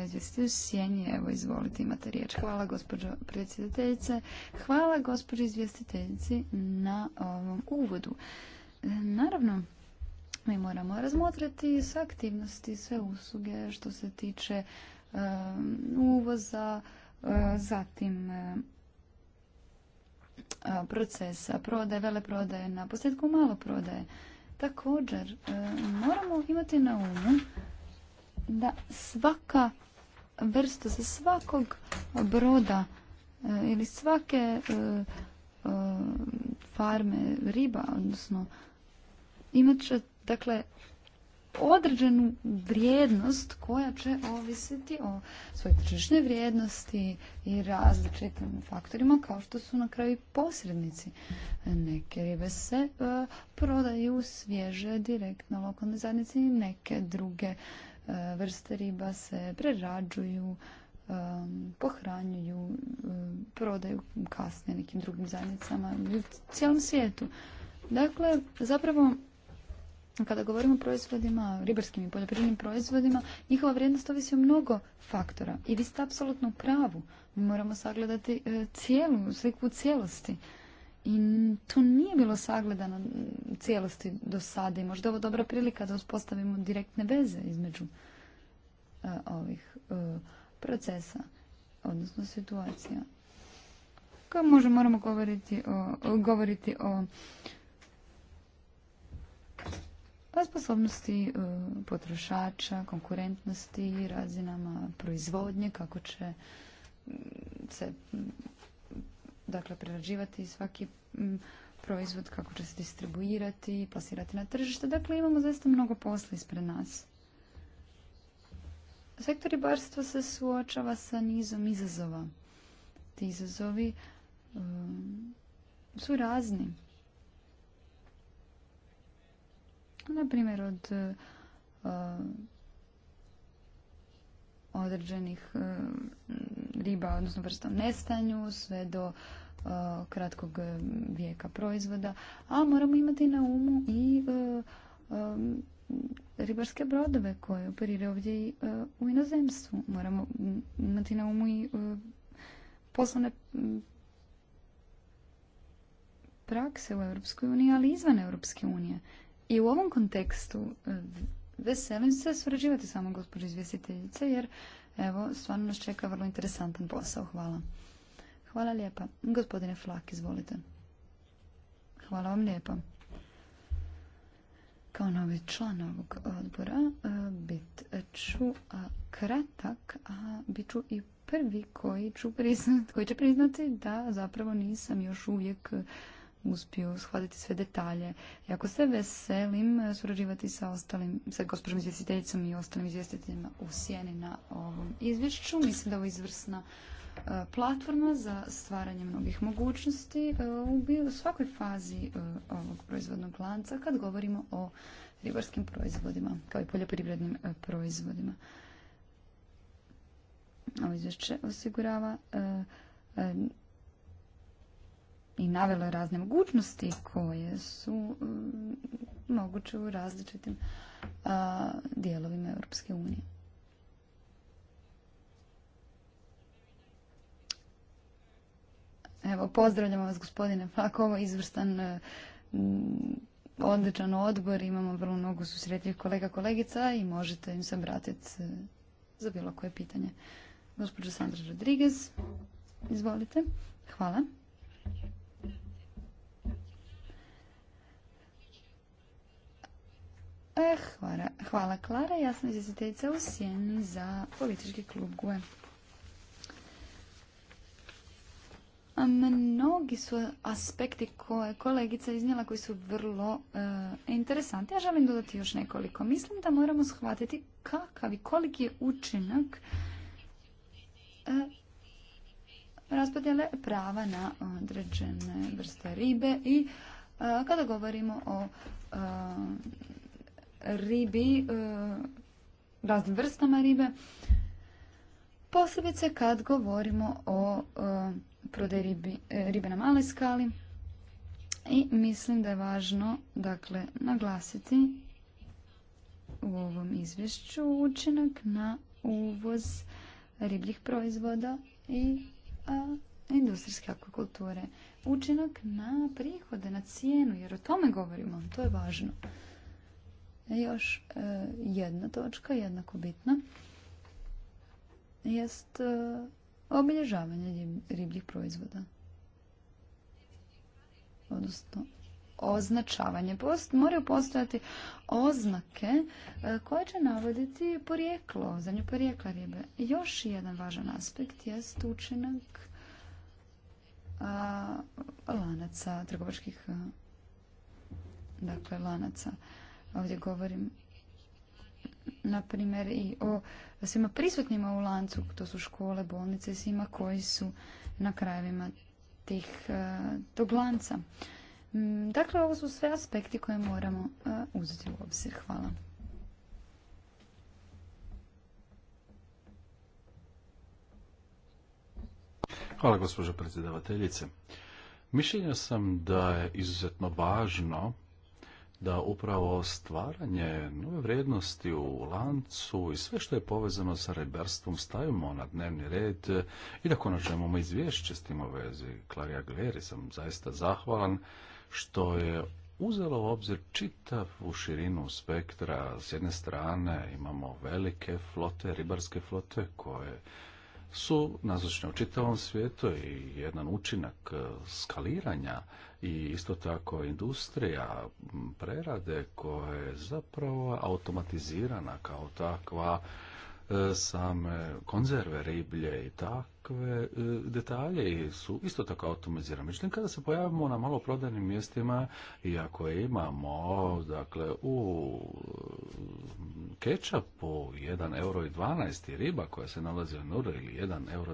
u sjenji. evo izvolite, imate riječ. Hvala gospođo predsjedateljice, hvala gospođo izvjestiteljici na ovom uvodu. E, naravno, mi moramo razmotrati sve aktivnosti, sve usluge što se tiče Um, uvoza, uh, zatim uh, uh, procesa prodaje, veleprodaje, na posljedku malo prodaje. Također, moramo imati na umu da svaka vrsta sa svakog broda ili svake farme riba, odnosno imat će, dakle, određenu vrijednost koja će ovisiti o svojoj tržišnoj vrijednosti i različitim faktorima kao što su na kraju posrednici. Neke ribe se e, prodaju svježe direktno lokalnoj zajednici i neke druge e, vrste riba se prerađuju e, pohranjuju, prodaju kasnije nekim drugim zajednicama u cijelom svijetu. Dakle, zapravo kada govorimo o proizvodima, ribarskim i poljoprivrednim proizvodima, njihova vrijednost ovisi o mnogo faktora. I vi ste apsolutno pravu. Mi moramo sagledati e, cijelu sliku u cijelosti. I to nije bilo sagledano u cijelosti do sada. I možda je ovo dobra prilika da uspostavimo direktne veze između e, ovih e, procesa, odnosno situacija. Kao možda moramo govoriti govoriti o pa sposobnosti e, potrošača, konkurentnosti, razinama proizvodnje, kako će se dakle, prerađivati svaki proizvod, kako će se distribuirati plasirati na tržište. Dakle, imamo zaista mnogo posla ispred nas. Sektor ribarstva se suočava sa nizom izazova. Ti izazovi e, su razni. na primjer od e, određenih e, riba, odnosno vrsta nestanju, sve do e, kratkog vijeka proizvoda, a moramo imati na umu i ribarske brodove koje operiraju ovdje i u inozemstvu. Moramo imati na umu i poslovne prakse u Europskoj uniji, ali izvan Europske unije. I u ovom kontekstu e, veselim se surađivati samo gospođo izvjestiteljice jer evo stvarno nas čeka vrlo interesantan posao. Hvala. Hvala lijepa. Gospodine Flak, izvolite. Hvala vam lijepa. Kao novi član ovog odbora e, bit ću kratak, a bit ću i prvi koji, koji će priznati da zapravo nisam još uvijek uspiju shvatiti sve detalje. Jako se veselim surađivati sa ostalim, sa gospođom izvjestiteljicom i ostalim izvjestiteljima u sjeni na ovom izvješću. Mislim da je ovo izvrsna e, platforma za stvaranje mnogih mogućnosti e, u svakoj fazi e, ovog proizvodnog lanca kad govorimo o ribarskim proizvodima kao i poljoprivrednim proizvodima. Ovo izvješće osigurava i je razne mogućnosti koje su mm, moguće u različitim dijelovima Europske unije. Evo, pozdravljamo vas gospodine Flak, ovo je izvrstan e, odličan odbor, imamo vrlo mnogo susretljivih kolega kolegica i možete im se obratiti e, za bilo koje pitanje. Gospođa Sandra Rodriguez, izvolite. Hvala. Eh, hvala, hvala Klara. Ja sam izvjestiteljica u Sjeni za politički klub GUE. Mnogi su aspekti koje kolegica iznijela koji su vrlo e, eh, interesanti. Ja želim dodati još nekoliko. Mislim da moramo shvatiti kakav i koliki je učinak e, raspodjele prava na određene vrste ribe i kada govorimo o ribi, e, raznim vrstama ribe, posebice kad govorimo o e, prodaj e, ribe na maloj skali. I mislim da je važno dakle, naglasiti u ovom izvješću učinak na uvoz ribljih proizvoda i industrijske akvakulture. Učinak na prihode, na cijenu, jer o tome govorimo, to je važno. Još e, jedna točka, jednako bitna, jest e, obilježavanje ribljih proizvoda. Odnosno, označavanje. moraju postojati oznake e, koje će navoditi porijeklo, zemlju porijekla ribe. Još jedan važan aspekt jest učinak lanaca, trgovačkih dakle lanaca. Ovdje govorim na primjer i o svima prisutnima u lancu, to su škole, bolnice, svima koji su na krajevima tih, eh, tog lanca. Mm, dakle, ovo su sve aspekti koje moramo eh, uzeti u obzir. Hvala. Hvala, gospođo predsjedavateljice. Mišljenja sam da je izuzetno važno da upravo stvaranje nove vrijednosti u lancu i sve što je povezano sa ribarstvom stavimo na dnevni red i da konačno imamo izvješće s tim u vezi. Klarija Gleri sam zaista zahvalan što je uzelo u obzir u širinu spektra. S jedne strane imamo velike flote, ribarske flote koje su nazočne u čitavom svijetu i jedan učinak e, skaliranja i isto tako industrija prerade koja je zapravo automatizirana kao takva e, same konzerve riblje i tako takve e, detalje su isto tako automatizirane. Međutim, kada se pojavimo na malo maloprodajnim mjestima i ako imamo dakle, u e, kečapu 1,12 euro riba koja se nalazi u nuru ili 1,25 euro,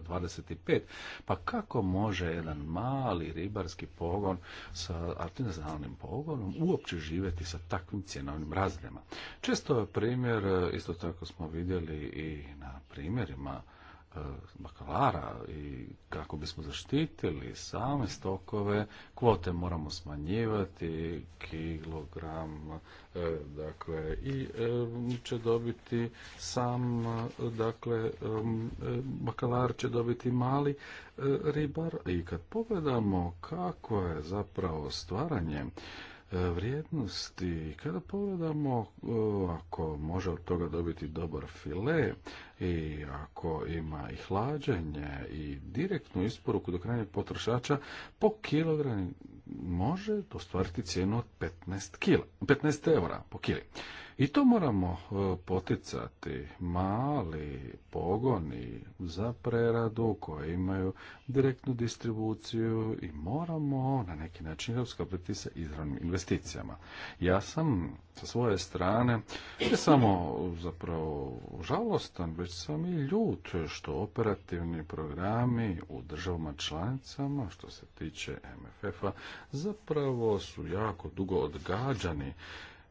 pa kako može jedan mali ribarski pogon sa artizanalnim pogonom uopće živjeti sa takvim cjenovnim razljama? Često primjer, e, isto tako smo vidjeli i na primjerima E, bakalara i kako bismo zaštitili same stokove, kvote moramo smanjivati, kilogram e, dakle i e, će dobiti sam dakle bakalar će dobiti mali ribar i kad pogledamo kako je zapravo stvaranje E, vrijednosti. Kada pogledamo e, ako može od toga dobiti dobar file i ako ima i hlađenje i direktnu isporuku do krajnjeg potrošača, po kilogram može ostvariti cijenu od 15, kila, 15 eura po kili. I to moramo e, poticati. Mali pogoni za preradu koje imaju direktnu distribuciju i moramo na neki način uskopiti sa izravnim investicijama. Ja sam sa svoje strane ne samo zapravo žalostan, već sam i ljut što operativni programi u državama članicama što se tiče MFF-a zapravo su jako dugo odgađani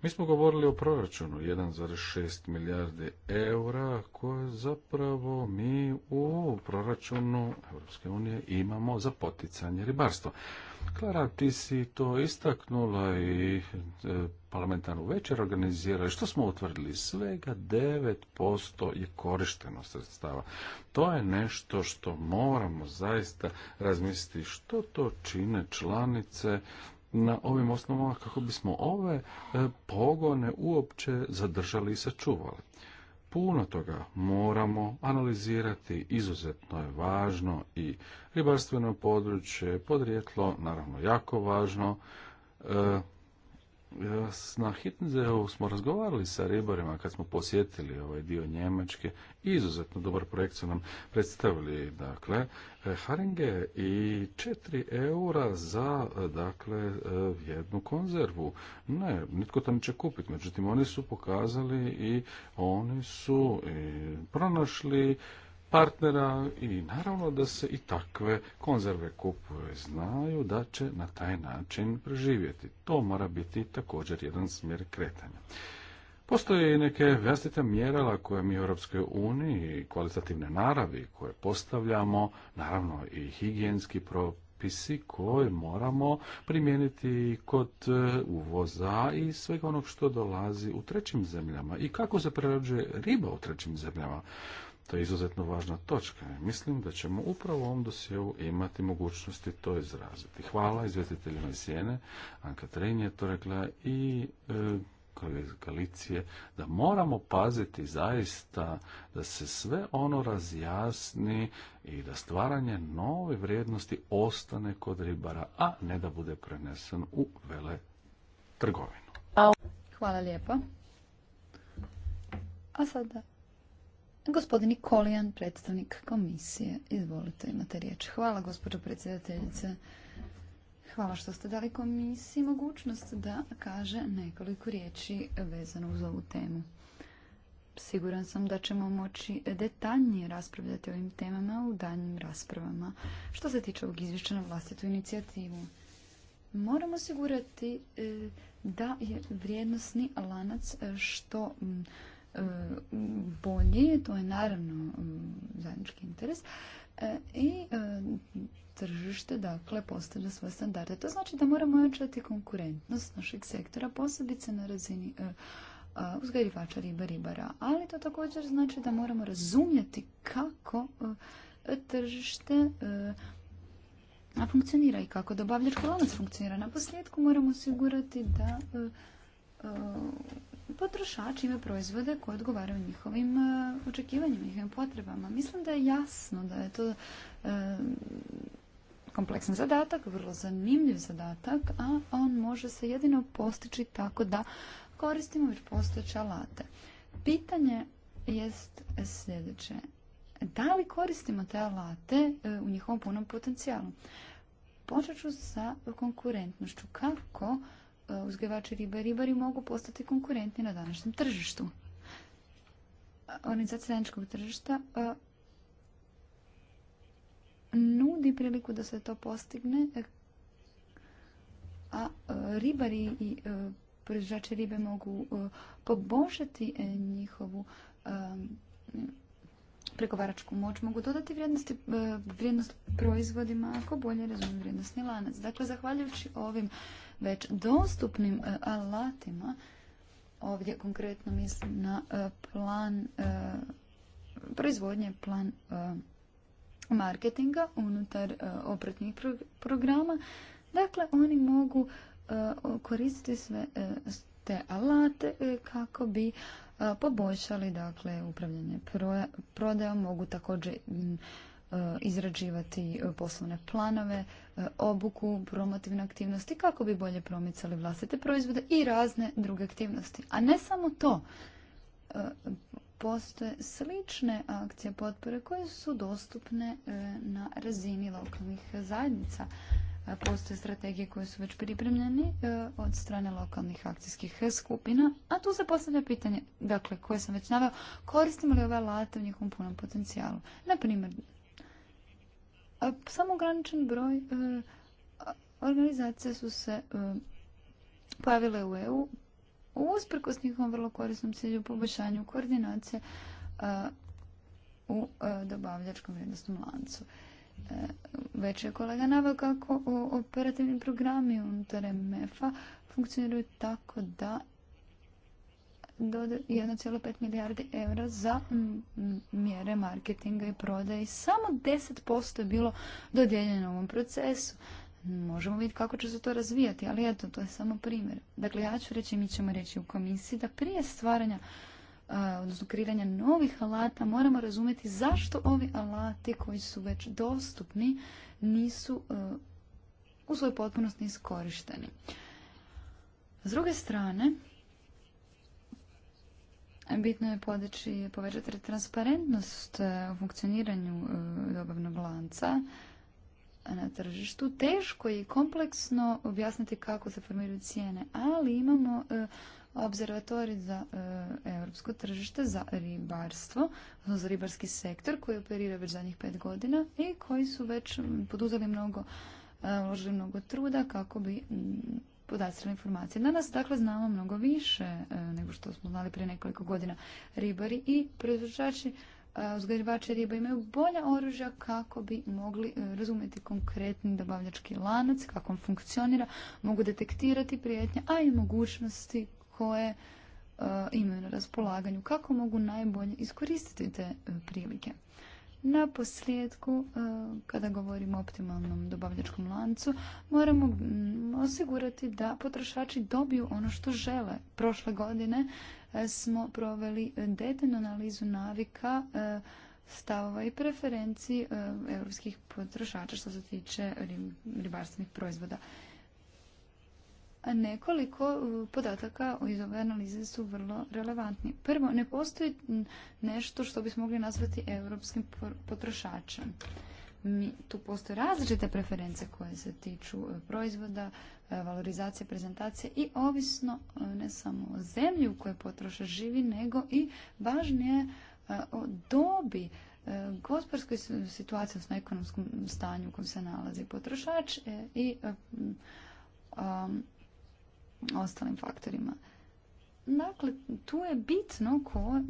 mi smo govorili o proračunu 1,6 milijarde eura koje zapravo mi u proračunu Europske unije imamo za poticanje ribarstva. Klara, ti si to istaknula i e, parlamentarnu večer organizirali. Što smo utvrdili? Svega 9% je korišteno sredstava. To je nešto što moramo zaista razmisliti što to čine članice na ovim osnovama kako bismo ove e, pogone uopće zadržali i sačuvali. Puno toga moramo analizirati, izuzetno je važno i ribarstveno područje, podrijetlo, naravno jako važno, e, na Hitnzeu smo razgovarali sa ribarima kad smo posjetili ovaj dio Njemačke. Izuzetno dobar projekt su nam predstavili, dakle, haringe i 4 eura za, dakle, jednu konzervu. Ne, nitko tam će kupiti. Međutim, oni su pokazali i oni su pronašli partnera i naravno da se i takve konzerve kupuje. Znaju da će na taj način preživjeti. To mora biti također jedan smjer kretanja. Postoje i neke vlastite mjerala koje mi u Europskoj uniji kvalitativne naravi koje postavljamo, naravno i higijenski propisi koje moramo primijeniti kod e, uvoza i svega onog što dolazi u trećim zemljama i kako se prerađuje riba u trećim zemljama. To je izuzetno važna točka. Mislim da ćemo upravo u ovom dosjeu imati mogućnosti to izraziti. Hvala izvjetiteljima iz Sjene, Anka Trenje to rekla i e, Galicije, da moramo paziti zaista da se sve ono razjasni i da stvaranje nove vrijednosti ostane kod ribara, a ne da bude prenesen u vele trgovinu. Hvala lijepo. A sada gospodin Kolijan, predstavnik komisije. Izvolite, imate riječ. Hvala, gospođo predsjedateljice. Hvala što ste dali komisiji mogućnost da kaže nekoliko riječi vezano uz ovu temu. Siguran sam da ćemo moći detaljnije raspravljati ovim temama u daljnjim raspravama. Što se tiče ovog izvješća na vlastitu inicijativu, moramo osigurati eh, da je vrijednostni lanac eh, što mm, E, bolje, to je naravno zajednički interes, e, i e, tržište dakle postavlja svoje standarde. To znači da moramo ojačati konkurentnost našeg sektora, posebice na razini uzgajivača riba ribara, ali to također znači da moramo razumjeti kako tržište funkcionira i kako dobavljački lanac funkcionira. Na posljedku moramo osigurati da E, potrošači ime proizvode koji odgovaraju njihovim e, očekivanjima, njihovim potrebama. Mislim da je jasno da je to e, kompleksan zadatak, vrlo zanimljiv zadatak, a on može se jedino postići tako da koristimo već postojeće alate. Pitanje jest sljedeće. Da li koristimo te alate u njihovom punom potencijalu? Počet ću sa konkurentnošću. Kako uzgajivači ribe i ribari mogu postati konkurentni na današnjem tržištu. Organizacija zajedničkog tržišta nudi priliku da se to postigne, a ribari i proizvođači ribe mogu poboljšati e, njihovu pregovaračku moć mogu dodati vrijednosti, e, vrijednost proizvodima ako bolje razumiju vrijednostni lanac. Dakle, zahvaljujući ovim već dostupnim e, alatima, ovdje konkretno mislim na e, plan proizvodnje, plan marketinga unutar opratnih programa, dakle, oni mogu koristiti sve alate e, kako bi e, poboljšali dakle upravljanje prodajom, mogu također e, izrađivati poslovne planove, obuku, promotivne aktivnosti kako bi bolje promicali vlastite proizvode i razne druge aktivnosti. A ne samo to, postoje slične akcije potpore koje su dostupne na razini lokalnih zajednica E, postoje strategije koje su već pripremljene e, od strane lokalnih akcijskih skupina, a tu se postavlja pitanje, dakle, koje sam već naveo, koristimo li ove alate u njihovom punom potencijalu. Naprimjer, e, samo ograničen broj organizacije su se pojavile u EU usprkos njihovom vrlo korisnom cilju poboljšanju koordinacije u dobavljačkom vrijednostnom lancu već je kolega naveo kako operativni programi unutar MF-a funkcioniraju tako da do 1,5 milijardi eura za mjere marketinga i prodaje. Samo 10% je bilo dodijeljeno ovom procesu. Možemo vidjeti kako će se to razvijati, ali eto, to je samo primjer. Dakle, ja ću reći, mi ćemo reći u komisiji da prije stvaranja odnosno kreiranja novih alata, moramo razumjeti zašto ovi alati koji su već dostupni nisu e, u svojoj potpunosti iskorišteni. S druge strane, bitno je podići, povećati transparentnost e, u funkcioniranju e, dobavnog lanca na tržištu. Teško je i kompleksno objasniti kako se formiraju cijene, ali imamo observatorij za e, europsko tržište za ribarstvo, za ribarski sektor koji operira već zadnjih pet godina i koji su već poduzeli mnogo, e, uložili mnogo truda kako bi podastrali informacije. Danas, dakle, znamo mnogo više e, nego što smo znali prije nekoliko godina. Ribari i proizvođači uzgajivači riba imaju bolja oružja kako bi mogli razumjeti konkretni dobavljački lanac, kako on funkcionira, mogu detektirati prijetnje, a i mogućnosti koje e, imaju na raspolaganju, kako mogu najbolje iskoristiti te e, prilike. Na posljedku, e, kada govorimo o optimalnom dobavljačkom lancu, moramo osigurati da potrošači dobiju ono što žele. Prošle godine smo proveli detaljnu analizu navika stavova i preferenciji europskih potrošača što se tiče ribarstvenih proizvoda nekoliko podataka iz ove analize su vrlo relevantni. Prvo, ne postoji nešto što bismo mogli nazvati europskim potrošačem. Mi, tu postoje različite preference koje se tiču e, proizvoda, e, valorizacije, prezentacije i ovisno e, ne samo o zemlji u kojoj potrošač živi, nego i važnije o dobi gospodarskoj situaciji, odnosno ekonomskom stanju u kojem se nalazi potrošač i ostalim faktorima. Dakle, tu je bitno ko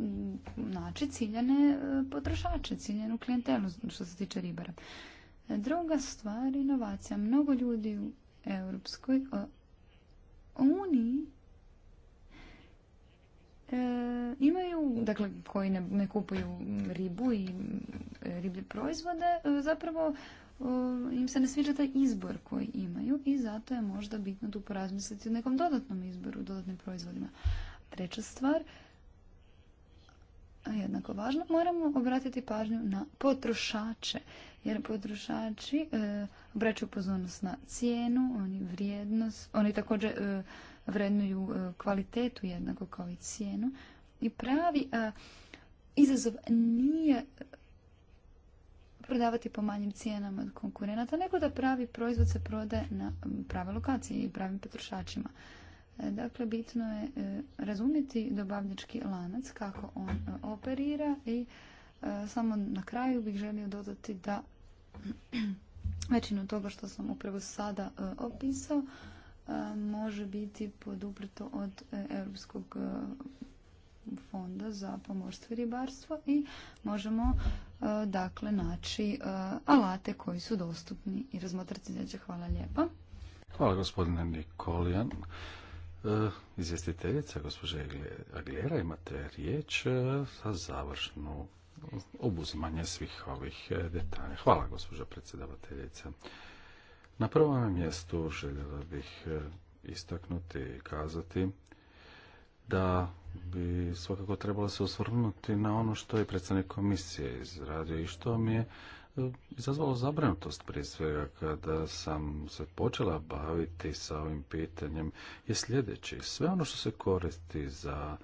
naći ciljane e, potrošače, ciljenu klijentelu što se tiče ribara. Druga stvar, inovacija. Mnogo ljudi u Europskoj uniji e, imaju, dakle, koji ne, ne kupuju ribu i e, riblje proizvode, zapravo im se ne sviđa taj izbor koji imaju i zato je možda bitno tu porazmisliti o nekom dodatnom izboru, dodatnim proizvodima. Treća stvar, a jednako važno, moramo obratiti pažnju na potrošače. Jer potrošači e, obraćaju pozornost na cijenu, oni vrijednost, oni također e, vrednuju e, kvalitetu jednako kao i cijenu. I pravi e, izazov nije prodavati po manjim cijenama od konkurenata, nego da pravi proizvod se prode na prave lokaciji i pravim potrošačima. E, dakle, bitno je e, razumjeti dobavljački lanac, kako on e, operira i samo na kraju bih želio dodati da većinu toga što sam upravo sada opisao može biti poduprto od Europskog fonda za pomorstvo i ribarstvo i možemo e, dakle naći e, alate koji su dostupni i razmotrati sljedeće. Hvala lijepa. Hvala gospodine Nikolijan. E, izvjestiteljica gospođa Agljera imate riječ za završnu obuzimanje svih ovih detalja. Hvala gospođo predsjedavateljica. Na prvom mjestu željela bih istaknuti i kazati da bi svakako trebalo se osvrnuti na ono što je predsjednik komisije izradio i što mi je eh, izazvalo zabrinutost prije svega kada sam se počela baviti sa ovim pitanjem je sljedeći. Sve ono što se koristi za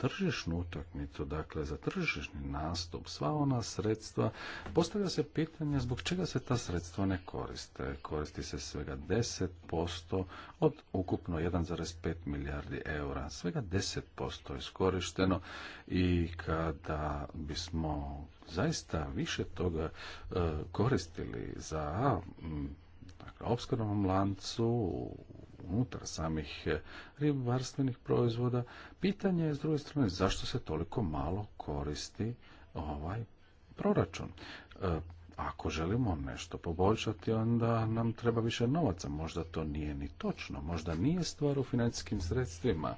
tržišnu utakmicu, dakle za tržišni nastup, sva ona sredstva, postavlja se pitanje zbog čega se ta sredstva ne koriste. Koristi se svega 10% od ukupno 1,5 milijardi eura. Svega 10% je iskorišteno i kada bismo zaista više toga e, koristili za dakle, opskrbnom lancu unutar samih eh, ribarstvenih proizvoda. Pitanje je s druge strane zašto se toliko malo koristi ovaj proračun. Eh, ako želimo nešto poboljšati, onda nam treba više novaca. Možda to nije ni točno, možda nije stvar u financijskim sredstvima,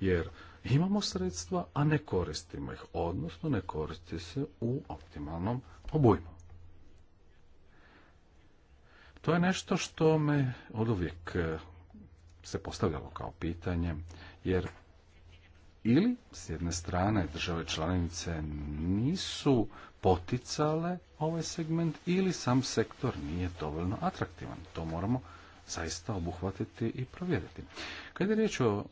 jer imamo sredstva, a ne koristimo ih, odnosno ne koristi se u optimalnom obujmu. To je nešto što me od uvijek eh, se postavljalo kao pitanje, jer ili s jedne strane države članice nisu poticale ovaj segment ili sam sektor nije dovoljno atraktivan. To moramo zaista obuhvatiti i provjeriti. Kad je riječ o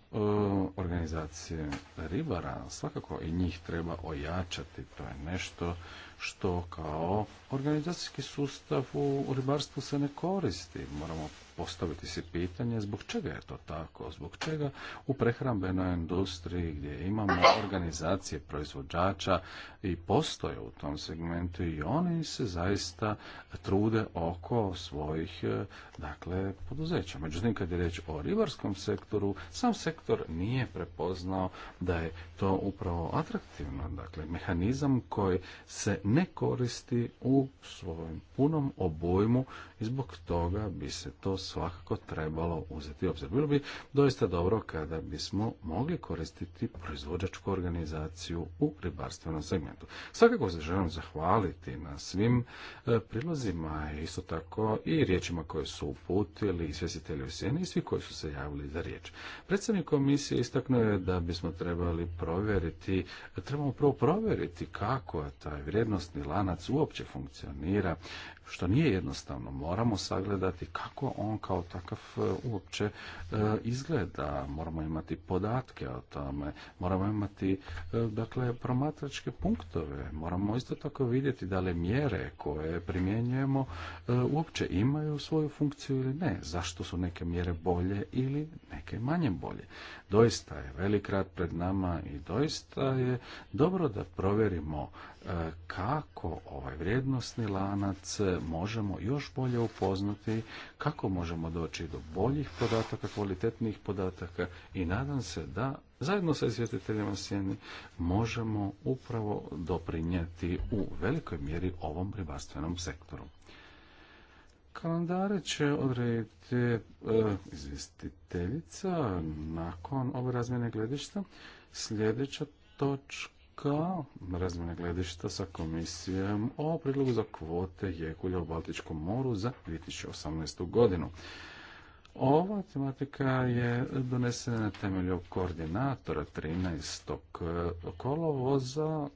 organizaciji ribara, svakako i njih treba ojačati. To je nešto što kao organizacijski sustav u ribarstvu se ne koristi. Moramo postaviti si pitanje zbog čega je to tako, zbog čega u prehrambenoj industriji gdje imamo organizacije proizvođača i postoje u tom segmentu i oni se zaista trude oko svojih e, dakle poduzeća. Međutim, kad je riječ o ribarskom sektoru, sam sektor nije prepoznao da je to upravo atraktivno, dakle mehanizam koji se ne koristi u svojom punom obojmu i zbog toga bi se to svakako trebalo uzeti u obzir. Bilo bi doista dobro kada bismo mogli koristiti proizvođačku organizaciju u ribarstvenom segmentu. Svakako se želim zahvaliti na svim e, prilozima, isto tako i riječima koje su uputili izvjestitelji u sjeni i svi koji su se javili za riječ. Predsjednik komisije istaknuo je da bismo trebali provjeriti, trebamo prvo provjeriti kako je taj vrijednostni lanac uopće funkcionira, što nije jednostavno. Moramo sagledati kako on kao takav e, uopće e, izgleda. Moramo imati podatke o tome, moramo imati e, dakle promatračke punktove, moramo isto tako vidjeti da li mjere koje primjenjujemo uopće imaju svoju funkciju ili ne. Zašto su neke mjere bolje ili neke manje bolje. Doista je velik rad pred nama i doista je dobro da provjerimo E, kako ovaj vrijednostni lanac možemo još bolje upoznati, kako možemo doći do boljih podataka, kvalitetnih podataka i nadam se da zajedno sa izvjetiteljima sjeni možemo upravo doprinijeti u velikoj mjeri ovom ribarstvenom sektoru. Kalendare će odrediti e, izvjestiteljica nakon ove razmjene gledišta. Sljedeća točka kao razmjene gledišta sa komisijom o prilogu za kvote jekulja u Baltičkom moru za 2018. godinu. Ova tematika je donesena na temelju koordinatora 13. kolovoza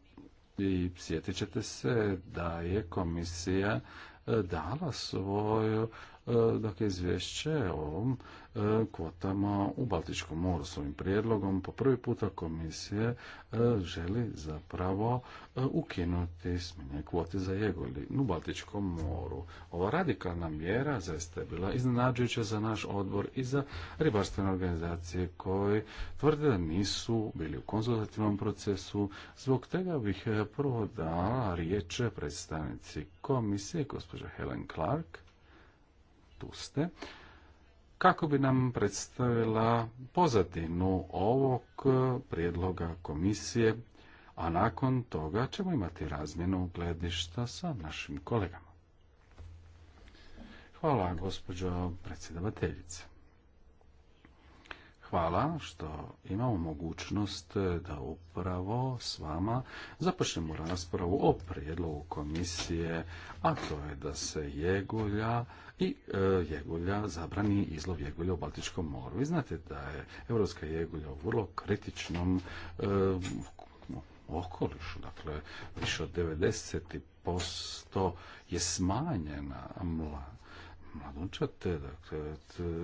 i sjetit ćete se da je komisija dala svoju E, dakle, izvješće o e, kvotama u Baltičkom moru. S ovim prijedlogom po prvi puta komisije e, želi zapravo ukinuti smjenje kvote za jegoli u Baltičkom moru. Ova radikalna mjera zaista je bila iznenađujuća za naš odbor i za ribarstvene organizacije koje tvrde da nisu bili u konzultativnom procesu. Zbog tega bih prvo dala riječ predstavnici komisije, gospođa Helen Clark, tu ste, kako bi nam predstavila pozadinu ovog prijedloga komisije, a nakon toga ćemo imati razmjenu gledišta sa našim kolegama. Hvala, gospođo predsjedavateljice. Hvala što imamo mogućnost da upravo s vama započnemo raspravu o prijedlogu komisije, a to je da se jegulja i e, jegulja, zabrani izlov jegulja u Baltičkom moru. Vi znate da je europska jegulja u vrlo kritičnom e, okolišu, dakle više od 90% je smanjena mla, mladunčate, dakle,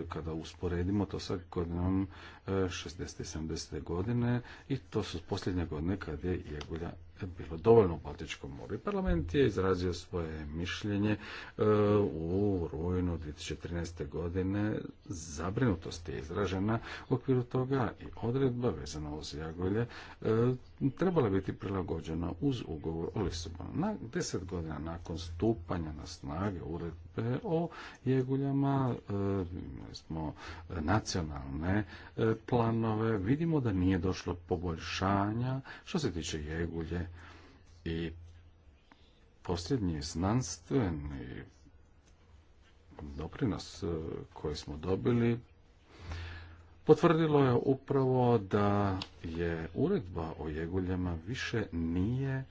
kada usporedimo to sa godinom 60. i 70. godine i to su posljednje godine kada je jegulja bilo dovoljno u Baltičkom moru. Parlament je izrazio svoje mišljenje e, u rujnu 2013. godine. Zabrinutost je izražena u okviru toga i odredba vezana uz Jagolje e, trebala biti prilagođena uz ugovor o Lisabonu. Na deset godina nakon stupanja na snage uredbe o jeguljama e, smo e, nacionalne e, planove. Vidimo da nije došlo poboljšanja što se tiče jegulje i posljednji znanstveni doprinos koji smo dobili potvrdilo je upravo da je uredba o jeguljama više nije e,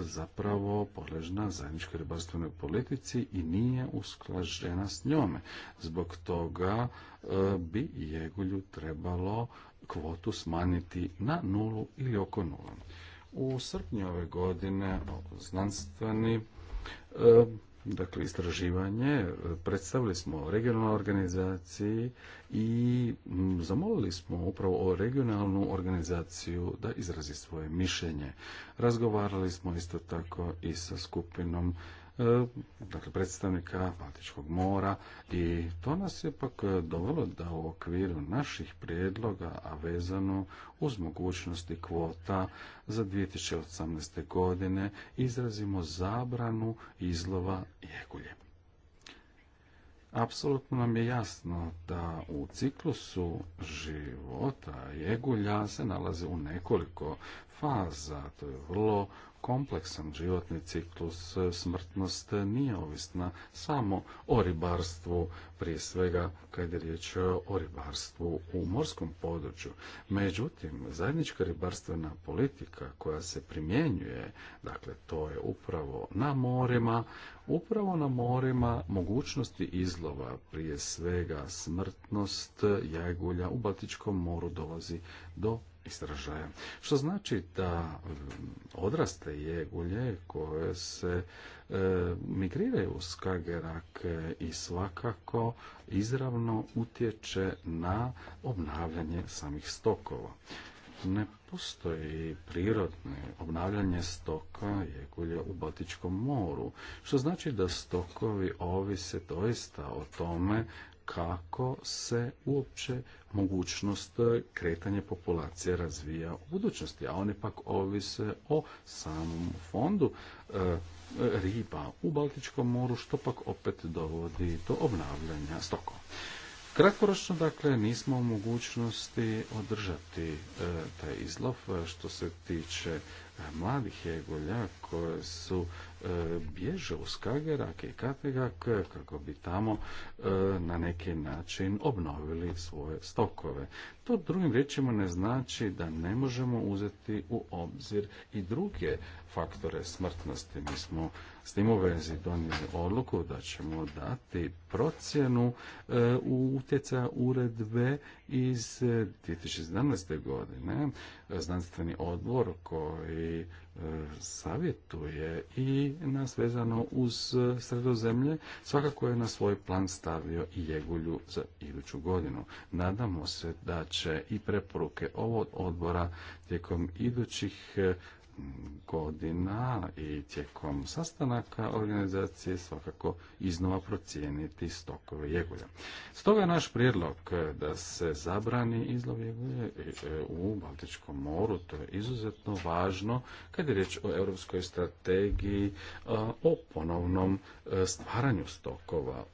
zapravo podležna zajedničkoj ribarstvenoj politici i nije usklažena s njome. Zbog toga e, bi jegulju trebalo kvotu smanjiti na nulu ili oko nula. U srpnju ove godine znanstveni e, dakle istraživanje e, predstavili smo regionalnoj organizaciji i zamolili smo upravo o regionalnu organizaciju da izrazi svoje mišljenje. Razgovarali smo isto tako i sa skupinom E, dakle predstavnika Baltičkog mora i to nas je pak e, dovelo da u okviru naših prijedloga, a vezano uz mogućnosti kvota za 2018. godine izrazimo zabranu izlova jegulje. Apsolutno nam je jasno da u ciklusu života jegulja se nalaze u nekoliko faza. To je vrlo kompleksan životni ciklus, e, smrtnost nije ovisna samo o ribarstvu, prije svega kad je riječ o ribarstvu u morskom području. Međutim, zajednička ribarstvena politika koja se primjenjuje, dakle to je upravo na morima, upravo na morima mogućnosti izlova, prije svega smrtnost jagulja u Baltičkom moru dolazi do izražaja. Što znači da mm, odraste jegulje koje se e, migriraju u skagerak i svakako izravno utječe na obnavljanje samih stokova. Ne postoji prirodne obnavljanje stoka jegulja u Baltičkom moru, što znači da stokovi ovise doista o tome kako se uopće mogućnost kretanja populacije razvija u budućnosti, a one pak ovise o samom fondu e, riba u Baltičkom moru, što pak opet dovodi do obnavljanja stoko. Kratkoročno, dakle, nismo u mogućnosti održati e, taj izlov e, što se tiče mladih hegulja koje su e, bježe u Skagerak i Kategak kako bi tamo e, na neki način obnovili svoje stokove. To drugim riječima ne znači da ne možemo uzeti u obzir i druge faktore smrtnosti. Mi smo s tim u vezi donijeli odluku da ćemo dati procjenu u e, utjecaja uredbe iz 2017. E, godine. Znanstveni odbor koji e, savjetuje i nas vezano uz sredozemlje, svakako je na svoj plan stavio i jegulju za iduću godinu. Nadamo se da će i preporuke ovog odbora tijekom idućih godina i tijekom sastanaka organizacije svakako iznova procijeniti stokove jegulja. Stoga je naš prijedlog da se zabrani izlov jegulje u Baltičkom moru. To je izuzetno važno kad je riječ o europskoj strategiji o ponovnom e, stvaranju stokova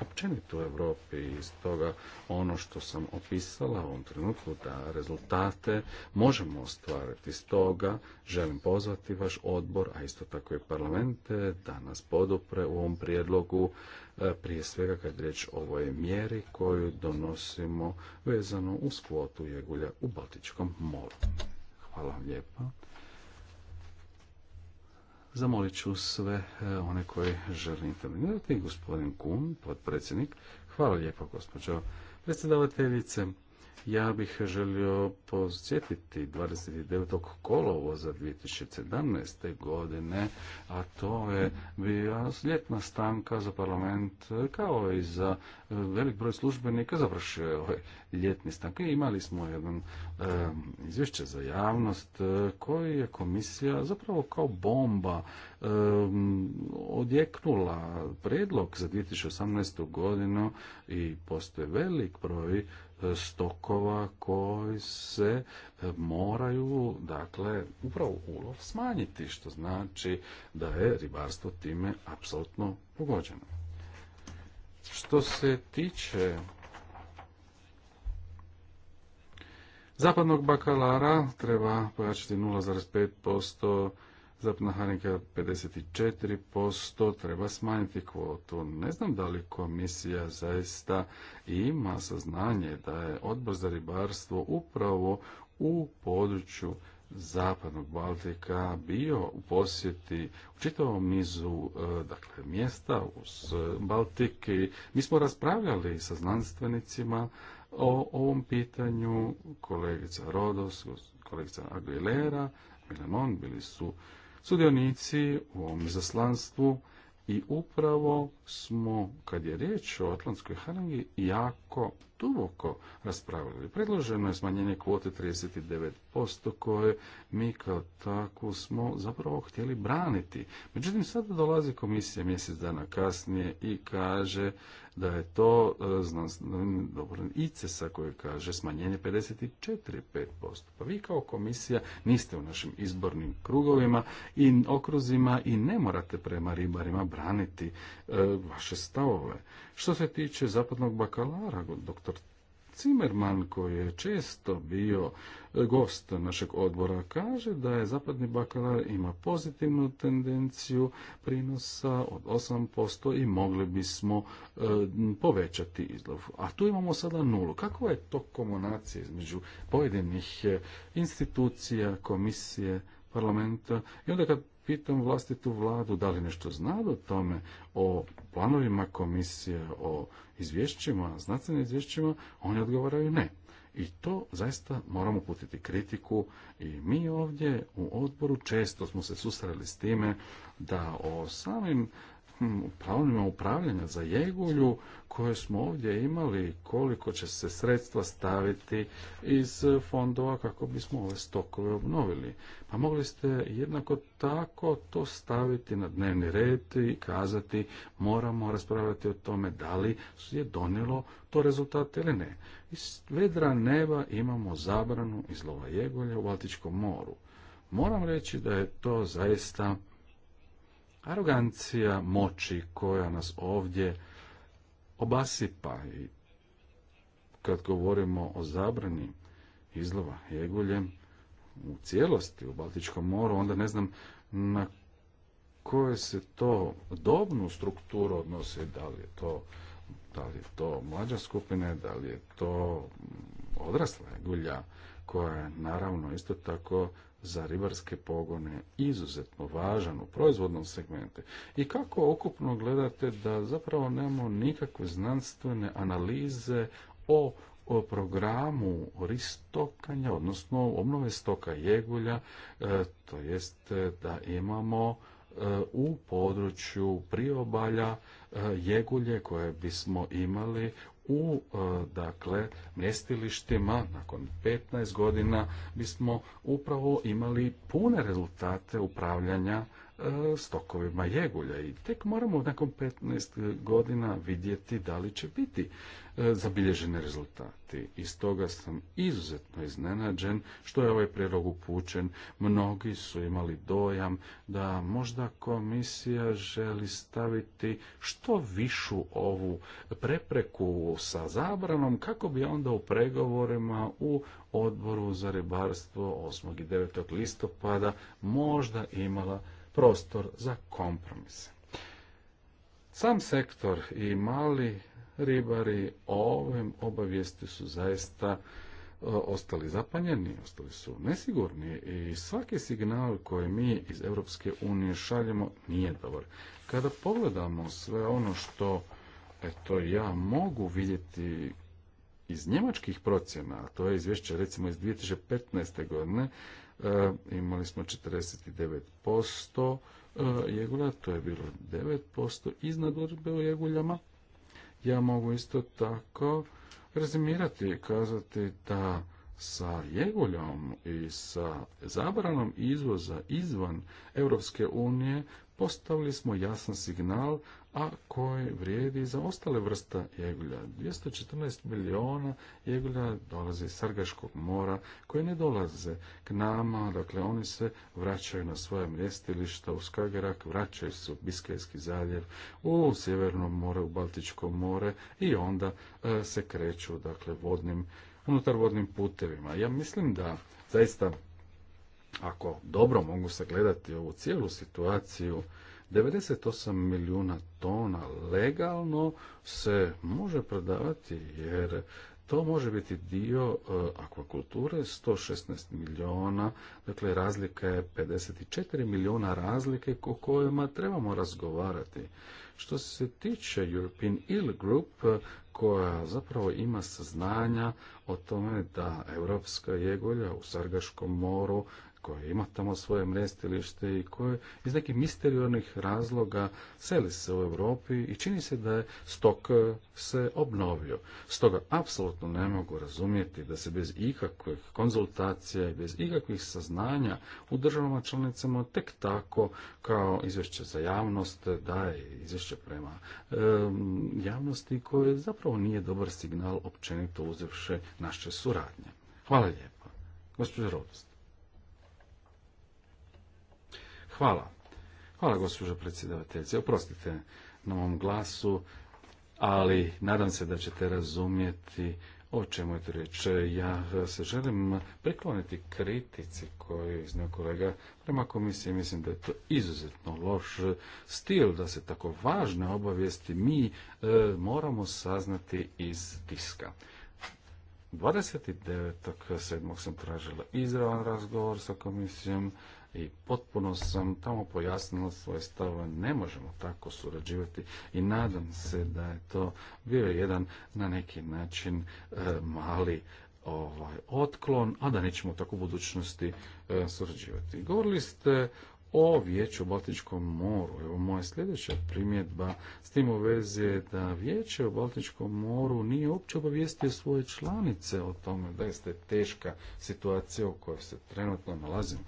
općenito u Europi i stoga ono što sam opisala u ovom trenutku da rezultate možemo ostvariti. Stoga želim pozvati vaš odbor, a isto tako i parlamente da nas podupre u ovom prijedlogu e, prije svega kad je riječ o ovoj mjeri koju donosimo vezano uz kvotu jegulja u Baltičkom moru. Hvala vam lijepa. Zamolit ću sve e, one koji žele intervenirati. Gospodin Kun, potpredsjednik. Hvala lijepo, gospođo predsjedavateljice. Ja bih želio posjetiti 29. kolovo za 2017. godine, a to je bila ljetna stanka za parlament, kao i za e, velik broj službenika završio je ovaj ljetni stank. imali smo jedan e, izvješće za javnost e, koji je komisija zapravo kao bomba odjeknula predlog za 2018. godinu i postoje velik broj stokova koji se e, moraju, dakle, upravo ulov smanjiti, što znači da je ribarstvo time apsolutno pogođeno. Što se tiče zapadnog bakalara, treba pojačati 0,5% za četiri 54% treba smanjiti kvotu. Ne znam da li komisija zaista ima saznanje da je odbor za ribarstvo upravo u području zapadnog Baltika bio u posjeti u čitavom nizu e, dakle, mjesta uz Baltiki. mi smo raspravljali sa znanstvenicima o ovom pitanju kolegica Rodos, kolegica Aguilera, Milamon bili su sudionici u ovom zaslanstvu i upravo smo, kad je riječ o Atlantskoj harangi, jako duboko raspravljali. Predloženo je smanjenje kvote 39% koje mi kao tako smo zapravo htjeli braniti. Međutim, sada dolazi komisija mjesec dana kasnije i kaže da je to e, znanstveni dobro ICES-a koji kaže smanjenje 54,5%. Pa vi kao komisija niste u našim izbornim krugovima i okruzima i ne morate prema ribarima braniti e, vaše stavove. Što se tiče zapadnog bakalara, doktor Cimerman, koji je često bio e, gost našeg odbora, kaže da je zapadni bakalar ima pozitivnu tendenciju prinosa od 8% i mogli bismo e, povećati izlov. A tu imamo sada nulu. Kako je to komunacija između pojedinih e, institucija, komisije, parlamenta i onda kad pitam vlastitu vladu da li nešto zna o tome, o planovima komisije, o izvješćima, znanstvenim izvješćima, oni odgovaraju ne. I to zaista moramo putiti kritiku i mi ovdje u odboru često smo se susreli s time da o samim Hmm, planovima upravljanja za Jegulju koje smo ovdje imali, koliko će se sredstva staviti iz fondova kako bismo ove stokove obnovili. Pa mogli ste jednako tako to staviti na dnevni red i kazati moramo raspravljati o tome da li je donijelo to rezultate ili ne. Iz vedra neba imamo zabranu izlova Jegulja u Baltičkom moru. Moram reći da je to zaista arogancija moći koja nas ovdje obasipa i kad govorimo o zabrani izlova jeguljem u cijelosti u Baltičkom moru, onda ne znam na koje se to dobnu strukturu odnosi, da li je to da li je to mlađa skupina, da li je to odrasla jegulja koja je naravno isto tako za ribarske pogone izuzetno važan u proizvodnom segmentu i kako okupno gledate da zapravo nemamo nikakve znanstvene analize o, o programu ristokanja, odnosno obnove stoka jegulja, e, to jest e, da imamo e, u području priobalja jegulje koje bismo imali u e, dakle mjestilištima nakon 15 godina bismo upravo imali pune rezultate upravljanja E, stokovima jegulja i tek moramo nakon 15 godina vidjeti da li će biti e, zabilježeni rezultati. I stoga sam izuzetno iznenađen što je ovaj prijedlog upućen. Mnogi su imali dojam da možda komisija želi staviti što višu ovu prepreku sa zabranom kako bi onda u pregovorima u odboru za ribarstvo 8. i 9. listopada možda imala prostor za kompromis. Sam sektor i mali ribari o ovim obavijesti su zaista e, ostali zapanjeni, ostali su nesigurni i svaki signal koji mi iz Europske unije šaljemo nije dobar. Kada pogledamo sve ono što eto, ja mogu vidjeti iz njemačkih procjena, a to je izvješće recimo iz 2015. godine, E, imali smo 49% e, jegulja, to je bilo 9% iznad odredbe u jeguljama. Ja mogu isto tako rezimirati i kazati da sa jeguljom i sa zabranom izvoza izvan Europske unije postavili smo jasan signal a koje vrijedi za ostale vrsta jegulja. 214 miliona jegulja dolazi iz Sargaškog mora, koje ne dolaze k nama, dakle oni se vraćaju na svoje mjestilišta u Skagerak, vraćaju se u Biskajski zaljev, u Sjeverno more, u Baltičko more i onda e, se kreću dakle vodnim, unutar vodnim putevima. Ja mislim da zaista ako dobro mogu sagledati ovu cijelu situaciju, 98 milijuna tona legalno se može prodavati jer to može biti dio e, akvakulture, 116 milijuna, dakle razlika je 54 milijuna razlike o kojima trebamo razgovarati. Što se tiče European Ill Group, koja zapravo ima saznanja o tome da Europska jegolja u Sargaškom moru koje ima tamo svoje mrestilište i koje iz nekih misterijornih razloga seli se u Europi i čini se da je stok e, se obnovio. Stoga apsolutno ne mogu razumjeti da se bez ikakvih konzultacija i bez ikakvih saznanja u državama članicama tek tako kao izvješće za javnost daje izvješće prema e, javnosti koje zapravo nije dobar signal općenito uzevše naše suradnje. Hvala lijepo, Gospođo Rodost. Hvala. Hvala, gospođo predsjedavateljice. Oprostite na mom glasu, ali nadam se da ćete razumjeti o čemu je to riječ. Ja se želim prikloniti kritici koju je iznio kolega prema komisiji. Mislim da je to izuzetno loš stil da se tako važne obavijesti mi e, moramo saznati iz tiska. 29.7. sam tražila izravan razgovor sa komisijom i potpuno sam tamo pojasnila svoje stave. Ne možemo tako surađivati i nadam se da je to bio jedan na neki način e, mali ovaj otklon, a da nećemo tako u budućnosti e, surađivati. Govorili ste o vijeću u Baltičkom moru. Evo moja sljedeća primjedba s tim u vezi je da vijeće u Baltičkom moru nije uopće obavijestio svoje članice o tome da jeste teška situacija u kojoj se trenutno nalazimo.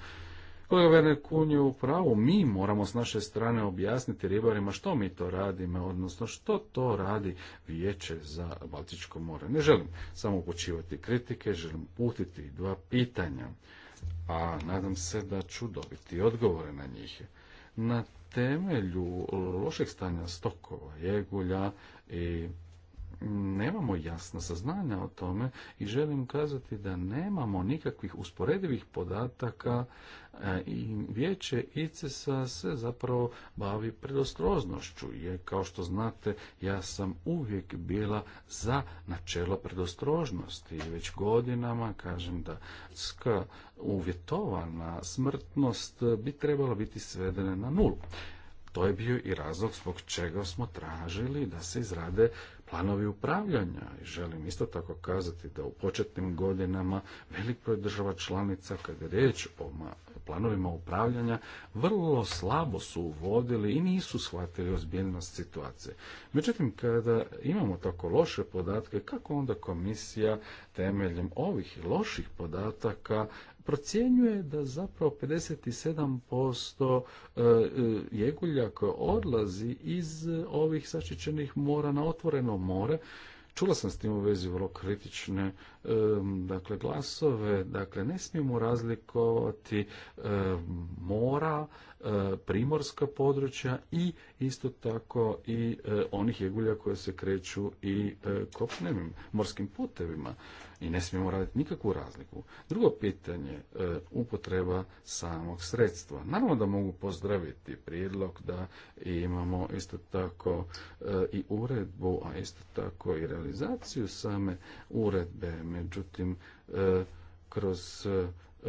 Kolega Werner Kun je u pravu, mi moramo s naše strane objasniti ribarima što mi to radimo, odnosno što to radi vijeće za Baltičko more. Ne želim samo upućivati kritike, želim putiti dva pitanja, a nadam se da ću dobiti odgovore na njih. Na temelju lošeg stanja stokova, jegulja i nemamo jasna saznanja o tome i želim kazati da nemamo nikakvih usporedivih podataka e, i vijeće ices se zapravo bavi predostroznošću jer kao što znate ja sam uvijek bila za načelo predostrožnosti već godinama kažem da ska uvjetovana smrtnost bi trebala biti svedena na nulu. To je bio i razlog zbog čega smo tražili da se izrade planovi upravljanja. I želim isto tako kazati da u početnim godinama veliko je država članica, kada je riječ o planovima upravljanja, vrlo slabo su uvodili i nisu shvatili ozbiljnost situacije. Međutim, kada imamo tako loše podatke, kako onda komisija temeljem ovih loših podataka procjenjuje da zapravo 57% e, e, jegulja koje odlazi iz ovih zaštićenih mora na otvoreno more, čula sam s tim u vezi vrlo kritične dakle glasove, dakle ne smijemo razlikovati mora, primorska područja i isto tako i onih jegulja koje se kreću i kopnenim morskim putevima i ne smijemo raditi nikakvu razliku. Drugo pitanje, upotreba samog sredstva. Naravno da mogu pozdraviti prijedlog da imamo isto tako i uredbu, a isto tako i realizaciju same uredbe međutim e, kroz e,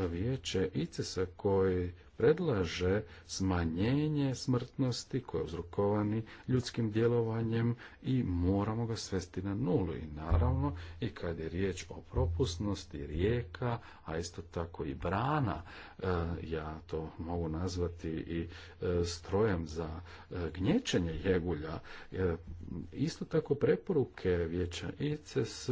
vijeće ICES-a koji predlaže smanjenje smrtnosti koje je uzrokovani ljudskim djelovanjem i moramo ga svesti na nulu. I naravno, i kad je riječ o propusnosti rijeka, a isto tako i brana, e, ja to mogu nazvati i strojem za gnječenje jegulja, isto tako preporuke vijeća ICES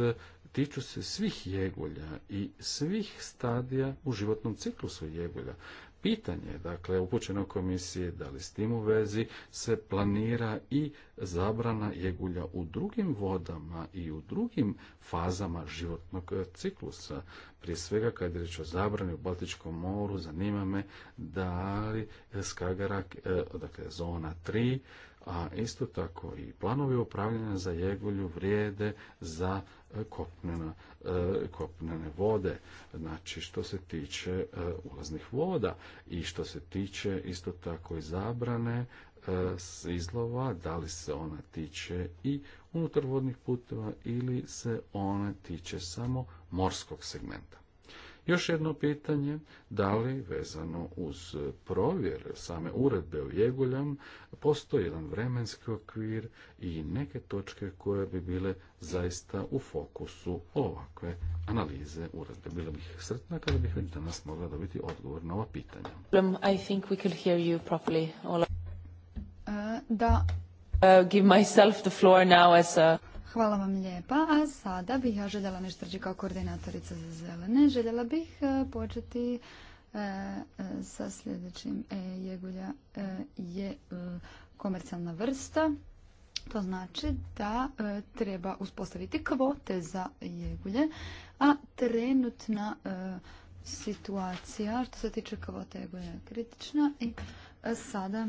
tiču se svih jegulja i svih stadija u životnom ciklusu jegulja. Pitanje, dakle, upućeno komisije da li s tim u vezi se planira i zabrana jegulja u drugim vodama i u drugim fazama životnog e, ciklusa. Prije svega, kad je reč o zabrani u Baltičkom moru, zanima me da li Skagarak, e, dakle, zona 3, a isto tako i planovi upravljanja za Jegulju vrijede za e, kopnena, e, kopnene vode, znači što se tiče e, ulaznih voda i što se tiče isto tako i zabrane izlova, da li se ona tiče i unutar vodnih puteva ili se ona tiče samo morskog segmenta. Još jedno pitanje, da li vezano uz provjer same uredbe u Jeguljam postoji jedan vremenski okvir i neke točke koje bi bile zaista u fokusu ovakve analize uredbe. Bila bih sretna kada bih već danas mogla dobiti odgovor na ova pitanja. Um, I uh, da. Uh, give myself the Hvala vam lijepa. A sada bih ja željela nešto reći kao koordinatorica za zelene. Željela bih e, početi e, sa sljedećim. E, jegulja je komercijalna vrsta. To znači da treba uspostaviti kvote za jegulje, a trenutna situacija što se tiče kvote jegulja je kritična i sada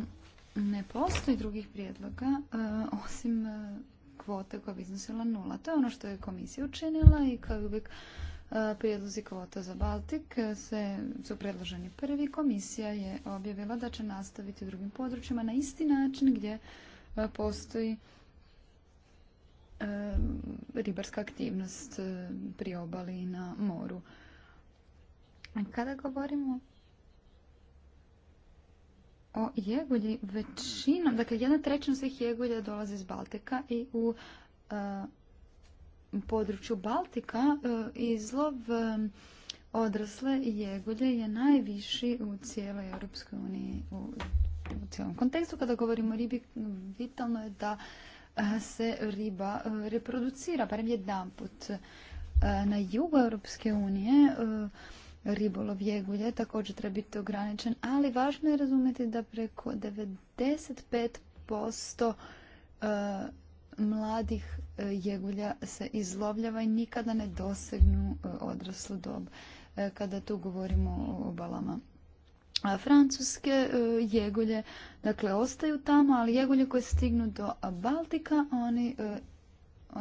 ne postoji drugih prijedloga osim kvote koja bi iznosila nula. To je ono što je komisija učinila i kao uvijek e, prijedlozi kvota za Baltik e, se, su predloženi prvi. Komisija je objavila da će nastaviti u drugim područjima na isti način gdje e, postoji ribarska aktivnost pri obali i na moru. Kada govorimo o jegulji, većinom, dakle jedna trećina svih jegulja dolazi iz Baltika i u e, području Baltika e, izlov e, odrasle jegulje je najviši u cijeloj Europskoj uniji u, cijelom kontekstu. Kada govorimo o ribi, vitalno je da se riba reproducira, barem jedan put. Na jugu Europske unije ribolov jegulje također treba biti ograničen, ali važno je razumjeti da preko 95% e, mladih e, jegulja se izlovljava i nikada ne dosegnu e, odraslu dob kada tu govorimo o obalama. francuske jegulje, dakle, ostaju tamo, ali jegulje koje stignu do Baltika, oni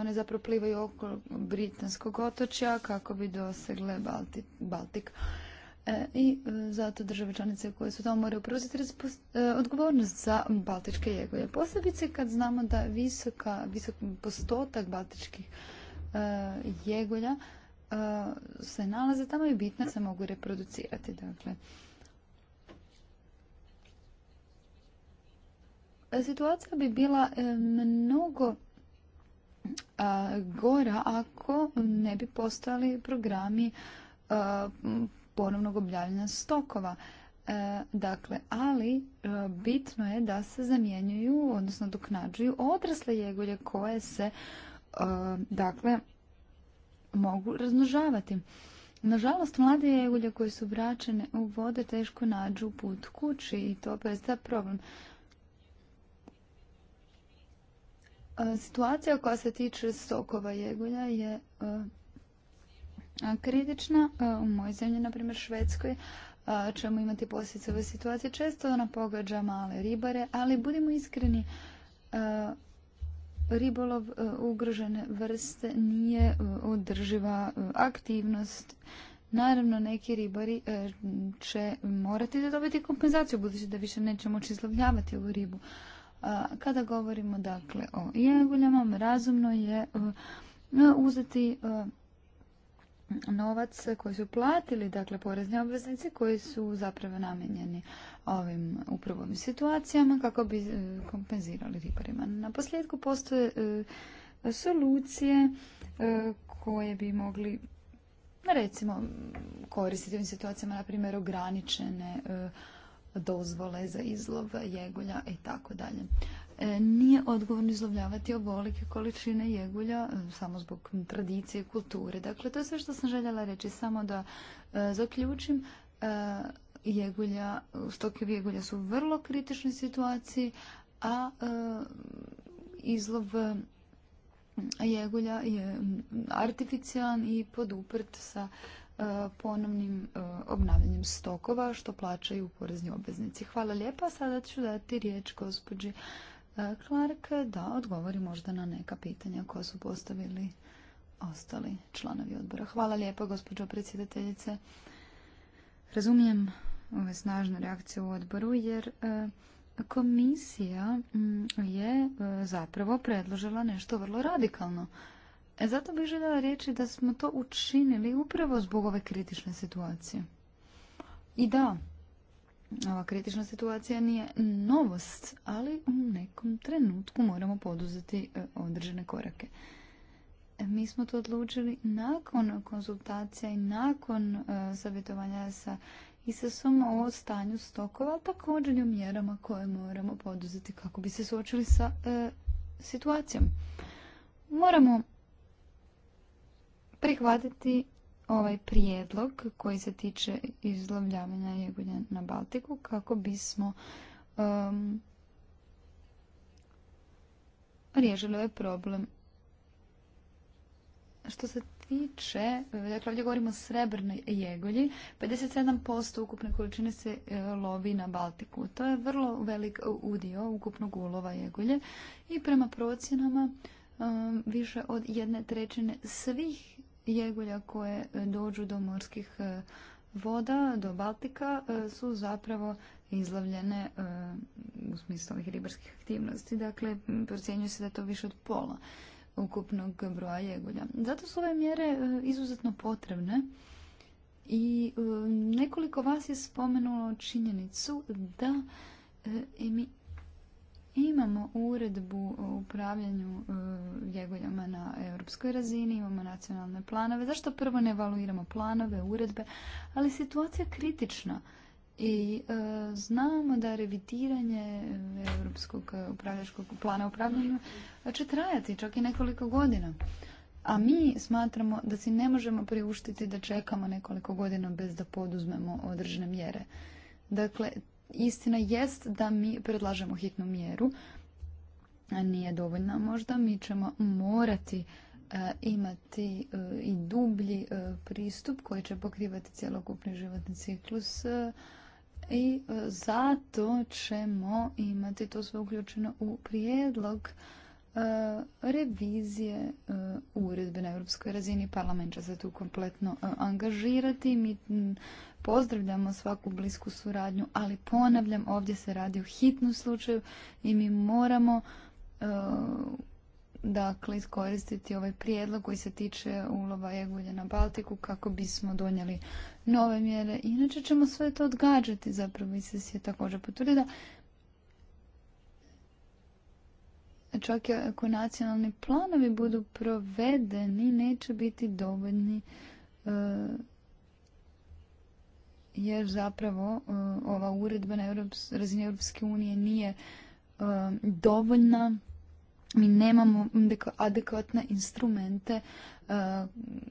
one zapravo plivaju oko britanskog otočja kako bi dosegle Baltik. E, I e, zato države članice koje su tamo moraju preuzeti e, odgovornost za baltičke jegolje. Posebice kad znamo da visoka, visok postotak baltičkih e, jegolja se nalaze tamo i bitno se mogu reproducirati. Dakle, situacija bi bila mnogo gora ako ne bi postojali programi ponovnog obljavljanja stokova. E, dakle, ali e, bitno je da se zamjenjuju, odnosno doknađuju odrasle jegulje koje se e, dakle mogu razmnožavati. Nažalost, mlade jegulje koje su vraćene u vode teško nađu put kući i to predstavlja problem. Situacija koja se tiče stokova jegulja je e, kritična. E, u mojoj zemlji, na primjer Švedskoj, e, ćemo imati posljedice ove situacije. Često ona pogađa male ribare, ali budimo iskreni, ribolov ugrožene vrste nije održiva aktivnost. Naravno, neki ribari će morati da dobiti kompenzaciju, budući da više neće moći izlovljavati ovu ribu. Kada govorimo dakle o jeguljama, razumno je e, uzeti e, novac koji su platili, dakle porezni obveznici koji su zapravo namijenjeni ovim upravo situacijama kako bi e, kompenzirali riparima. Na posljedku postoje solucije koje bi mogli recimo koristiti u situacijama, na primjer ograničene dozvole za izlov jegulja i tako dalje. E, nije odgovorno izlovljavati ovolike količine jegulja e, samo zbog tradicije i kulture. Dakle, to je sve što sam željela reći. Samo da e, zaključim, e, jegulja, stoke jegulja su u vrlo kritičnoj situaciji, a izlov jegulja je artificijalan i poduprt sa E, ponovnim e, obnavljanjem stokova što plaćaju porezni obveznici. Hvala lijepa. Sada ću dati riječ gospođi e, Clark da odgovori možda na neka pitanja koja su postavili ostali članovi odbora. Hvala lijepa gospođo predsjedateljice. Razumijem ove snažne reakcije u odboru jer komisija mm, je zapravo predložila nešto vrlo radikalno E, zato bih željela reći da smo to učinili upravo zbog ove kritične situacije. I da, ova kritična situacija nije novost, ali u nekom trenutku moramo poduzeti e, određene korake. E, mi smo to odlučili nakon konzultacija i nakon savjetovanja sa i sa svom o stanju stokova, također i o mjerama koje moramo poduzeti kako bi se suočili sa situacijom. Moramo prihvatiti ovaj prijedlog koji se tiče izlovljavanja jegulja na Baltiku kako bismo um, riješili ovaj problem. Što se tiče, dakle ovdje govorimo o srebrnoj jegolji, 57% ukupne količine se e, lovi na Baltiku. To je vrlo velik udio ukupnog ulova jegolje i prema procjenama e, više od jedne trećine svih jegulja koje e, dođu do morskih e, voda, do Baltika, e, su zapravo izlavljene u smislu ovih ribarskih aktivnosti. Dakle, procjenjuje se da je to više od pola ukupnog broja jegulja. Zato su ove mjere izuzetno potrebne i nekoliko vas je spomenulo činjenicu da mi Imamo uredbu o upravljanju ljegoljama e, na europskoj razini, imamo nacionalne planove. Zašto prvo ne evaluiramo planove, uredbe? Ali situacija je kritična i e, znamo da revitiranje europskog upravljačkog plana upravljanja će trajati čak i nekoliko godina. A mi smatramo da si ne možemo priuštiti da čekamo nekoliko godina bez da poduzmemo određene mjere. Dakle, istina jest da mi predlažemo hitnu mjeru, a nije dovoljna možda, mi ćemo morati e, imati e, i dublji e, pristup koji će pokrivati cjelokupni životni ciklus i zato ćemo imati to sve uključeno u prijedlog revizije uredbe na europskoj razini. Parlament će se tu kompletno angažirati. Mi pozdravljamo svaku blisku suradnju, ali ponavljam, ovdje se radi o hitnom slučaju i mi moramo dakle iskoristiti ovaj prijedlog koji se tiče ulova jegulja na Baltiku kako bismo donijeli nove mjere. Inače ćemo sve to odgađati zapravo i se je također da čak i ako nacionalni planovi budu provedeni, neće biti dovoljni e, jer zapravo e, ova uredba na razini Europske unije nije e, dovoljna. Mi nemamo adekvatne instrumente,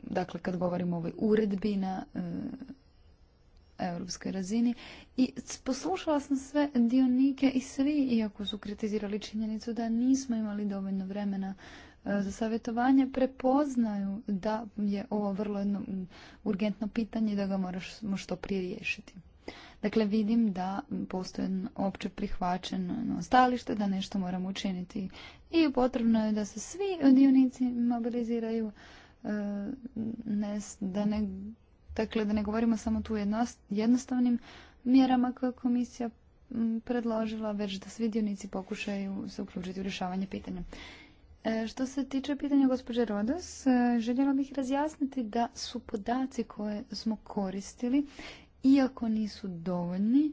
dakle kad govorimo o ovoj uredbi na europskoj razini i poslušala sam sve dionike i svi, iako su kritizirali činjenicu da nismo imali dovoljno vremena e, za savjetovanje, prepoznaju da je ovo vrlo jedno urgentno pitanje i da ga moraš što prije riješiti. Dakle, vidim da postoje opće prihvaćeno stalište, da nešto moramo učiniti i potrebno je da se svi dionici mobiliziraju, e, da ne Dakle, da ne govorimo samo tu jednostavnim mjerama koje je komisija predložila, već da svi dionici pokušaju se uključiti u rješavanje pitanja. E, što se tiče pitanja gospođe Rodos, e, željela bih razjasniti da su podaci koje smo koristili, iako nisu dovoljni,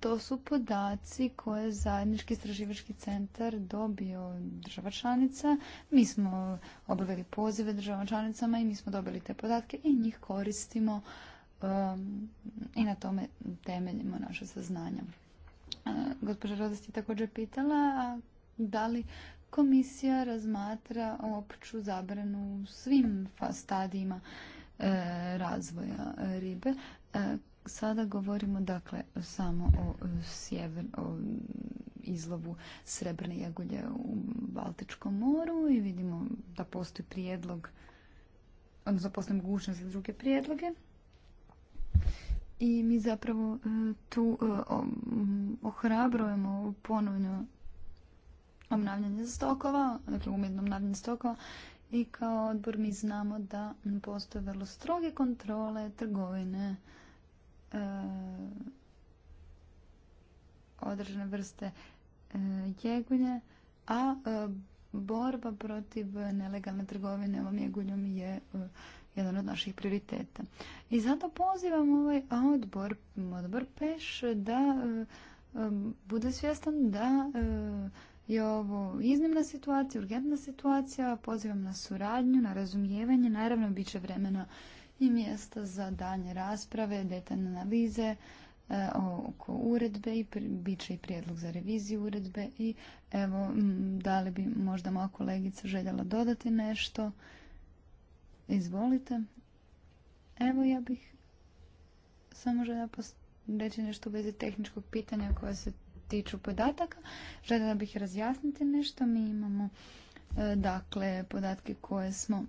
to su podaci koje zajednički istraživački centar dobio država članica. Mi smo obavili pozive država članicama i mi smo dobili te podatke i njih koristimo um, i na tome temeljimo naše saznanja. Gospođa Rodas je također pitala da li komisija razmatra opću zabranu u svim stadijima e, razvoja ribe. E, Sada govorimo dakle samo o, e, sjever, izlovu srebrne jagulje u Baltičkom moru i vidimo da postoji prijedlog, odnosno mogućnost za druge prijedloge. I mi zapravo e, tu e, ohrabrujemo ponovno obnavljanje stokova, dakle umjetno obnavljanje stokova i kao odbor mi znamo da postoje vrlo stroge kontrole trgovine E, određene vrste e, jegunja, a e, borba protiv nelegalne trgovine ovom jeguljom je jedan od naših prioriteta. I zato pozivam ovaj odbor, odbor Peš, da bude svjestan da je ovo iznimna situacija, urgentna situacija, pozivam na suradnju, na razumijevanje, naravno bit će vremena mjesta za dalje rasprave, detaljne analize e, oko uredbe i bit će i prijedlog za reviziju uredbe i evo, da li bi možda moja kolegica željela dodati nešto? Izvolite. Evo ja bih samo željela reći nešto u vezi tehničkog pitanja koja se tiču podataka. Željela bih razjasniti nešto. Mi imamo e, dakle podatke koje smo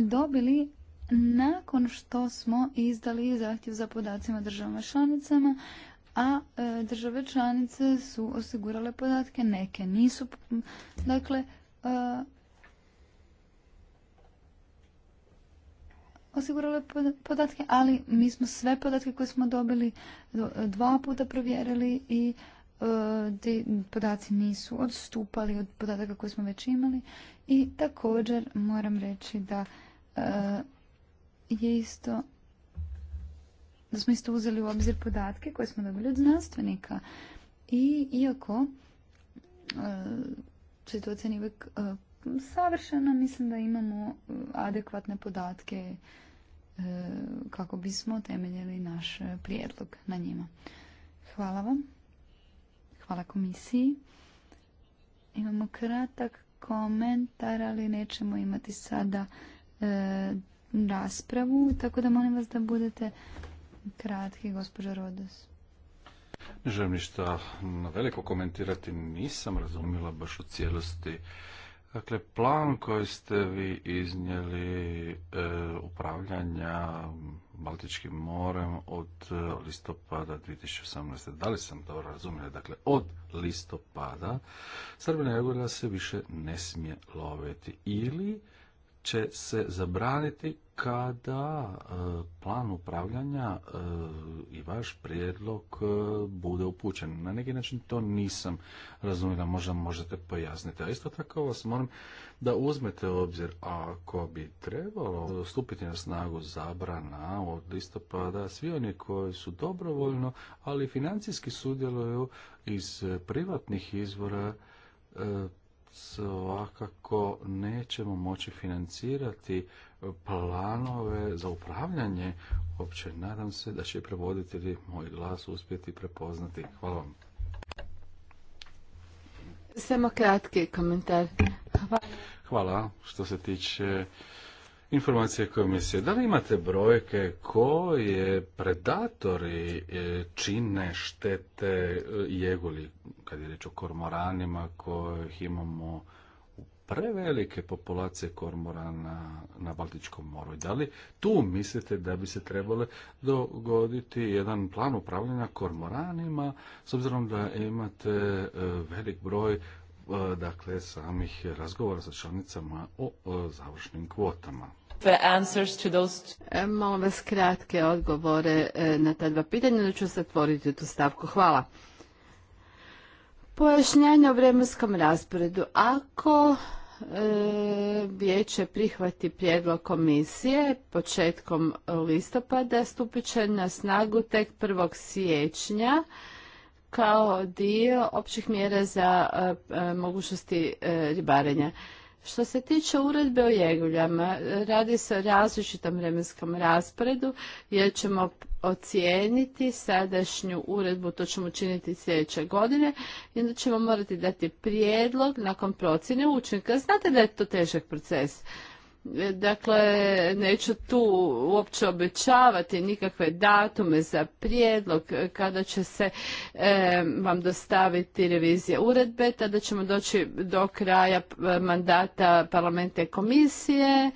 dobili nakon što smo izdali zahtjev za podacima državama članicama, a e, države članice su osigurale podatke, neke nisu. Dakle, e, osigurale podatke, ali mi smo sve podatke koje smo dobili dva puta provjerili i e, ti podaci nisu odstupali od podataka koje smo već imali i također moram reći da E, je isto da smo isto uzeli u obzir podatke koje smo dobili od znanstvenika. I iako situacija e, nije uvijek e, savršena, mislim da imamo adekvatne podatke kako bismo temeljili naš prijedlog na njima. Hvala vam. Hvala komisiji. Imamo kratak komentar, ali nećemo imati sada E, raspravu, tako da molim vas da budete kratki, gospođo Rodos. Ne želim ništa na veliko komentirati, nisam razumjela baš u cijelosti. Dakle, plan koji ste vi iznijeli e, upravljanja Baltičkim morem od listopada 2018. Da li sam dobro razumjela? Dakle, od listopada Srbina jagulja se više ne smije loviti ili će se zabraniti kada e, plan upravljanja e, i vaš prijedlog e, bude upućen. Na neki način to nisam razumjela, možda možete pojasniti. A isto tako vas moram da uzmete u obzir ako bi trebalo stupiti na snagu zabrana od listopada, svi oni koji su dobrovoljno, ali financijski sudjeluju iz privatnih izvora svakako nećemo moći financirati planove za upravljanje uopće. Nadam se da će prevoditelji moj glas uspjeti prepoznati. Hvala vam. Samo kratki komentar. Hvala. Hvala što se tiče informacije komisije. Da li imate brojke koje predatori e, čine štete e, jeguli, kad je reč o kormoranima kojih imamo prevelike populacije kormorana na Baltičkom moru. Da li tu mislite da bi se trebalo dogoditi jedan plan upravljanja kormoranima, s obzirom da imate e, velik broj dakle samih razgovora sa članicama o završnim kvotama? E, molim vas kratke odgovore e, na ta dva pitanja, da ću zatvoriti tu stavku. Hvala. Pojašnjanje o vremenskom rasporedu. Ako e, vijeće prihvati prijedlog komisije početkom listopada, stupit će na snagu tek 1. siječnja kao dio općih mjera za mogućnosti ribarenja. Što se tiče uredbe o jeguljama, radi se o različitom vremenskom rasporedu jer ćemo ocijeniti sadašnju uredbu, to ćemo učiniti sljedeće godine i onda ćemo morati dati prijedlog nakon procjene učinka. Znate da je to težak proces Dakle, neću tu uopće obećavati nikakve datume za prijedlog kada će se vam dostaviti revizija uredbe, tada ćemo doći do kraja eh, mandata parlamente komisije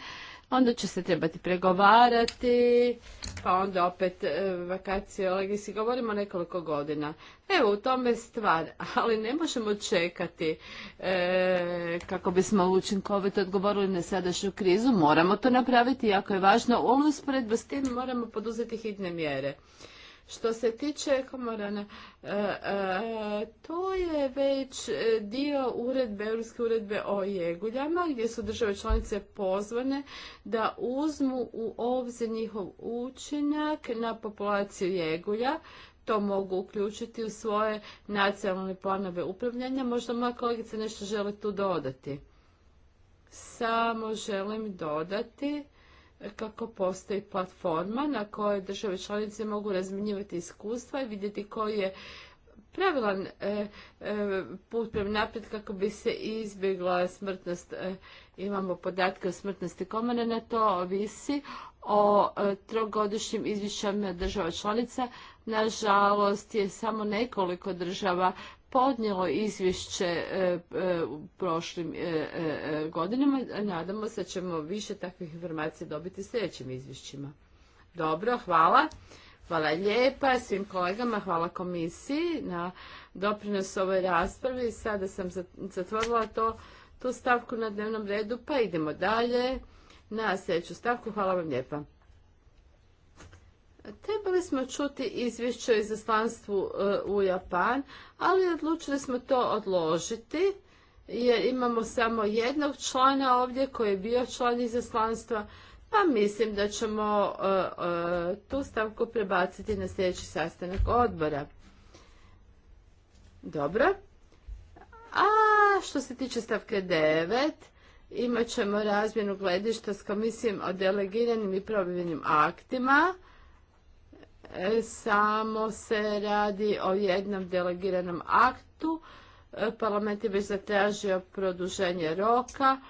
onda će se trebati pregovarati, pa onda opet e, vakacije legisi, govorimo nekoliko godina. Evo, u tome stvar, ali ne možemo čekati e, kako bismo učinkovito odgovorili na sadašnju krizu, moramo to napraviti, jako je važno, u pred s tim moramo poduzeti hitne mjere. Što se tiče komorana, e, e, to je već dio uredbe, Europske uredbe o jeguljama, gdje su države članice pozvane da uzmu u obzir njihov učinak na populaciju jegulja, to mogu uključiti u svoje nacionalne planove upravljanja. Možda moja kolegica nešto želi tu dodati. Samo želim dodati kako postoji platforma na kojoj države članice mogu razminjivati iskustva i vidjeti koji je pravilan e, e, put prema naprijed kako bi se izbjegla smrtnost e, imamo podatke o smrtnosti komore, na to ovisi o e, trogodišnjim izvješćama država članica. Nažalost je samo nekoliko država podnijelo izvješće e, e, u prošlim godinama. Nadamo se da ćemo više takvih informacija dobiti u sljedećim izvješćima. Dobro, hvala. Hvala lijepa svim kolegama, hvala komisiji na doprinos ovoj raspravi. Sada sam zatvorila to tu stavku na dnevnom redu, pa idemo dalje na sljedeću stavku. Hvala vam lijepa. Trebali smo čuti izvješće o izaslanstvu e, u Japan, ali odlučili smo to odložiti jer imamo samo jednog člana ovdje koji je bio član izaslanstva, pa mislim da ćemo e, e, tu stavku prebaciti na sljedeći sastanak odbora. Dobro. A što se tiče stavke 9, imat ćemo razmjenu gledišta s komisijom o delegiranim i probivljenim aktima. E, samo se radi o jednom delegiranom aktu. E, parlament je već zatražio produženje roka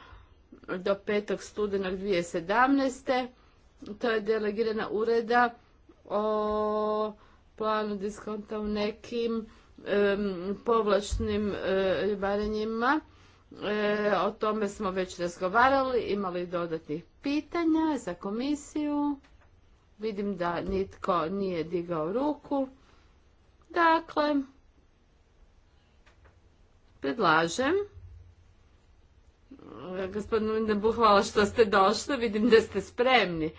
do 5. studenog 2017. To je delegirana ureda o planu diskonta u nekim povlačnim e, ribarenjima. E, o tome smo već razgovarali, imali dodatnih pitanja za komisiju. Vidim da nitko nije digao ruku. Dakle, predlažem. E, gospodinu Mindenbu, hvala što ste došli, vidim da ste spremni.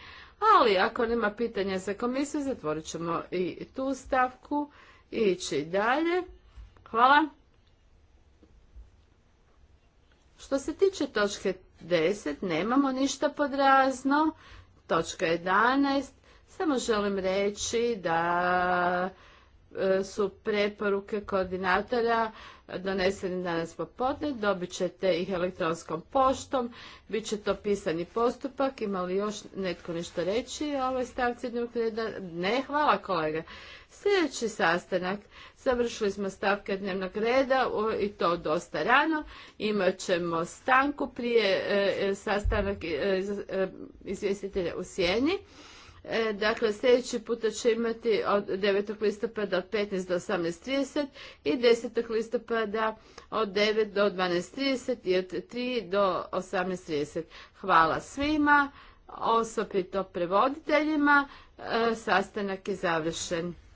Ali ako nema pitanja za komisiju, zatvorit ćemo i tu stavku ići dalje. Hvala. Što se tiče točke 10, nemamo ništa podrazno. Točka 11, samo želim reći da E, su preporuke koordinatora doneseni danas popodne. Dobit ćete ih elektronskom poštom. Biće to pisani postupak. Ima li još netko nešto reći o ovoj stavci dnevnog reda? Ne, hvala kolega. Sljedeći sastanak. Završili smo stavke dnevnog reda i to dosta rano. Imat ćemo stanku prije e, e, sastanak izvjestitelja u Sjeni. E, dakle, sljedeći puta će imati od 9. listopada od 15 do 18.30 i 10. listopada od 9 do 12.30 i od 3 do 18.30. Hvala svima, osobito prevoditeljima. E, sastanak je završen.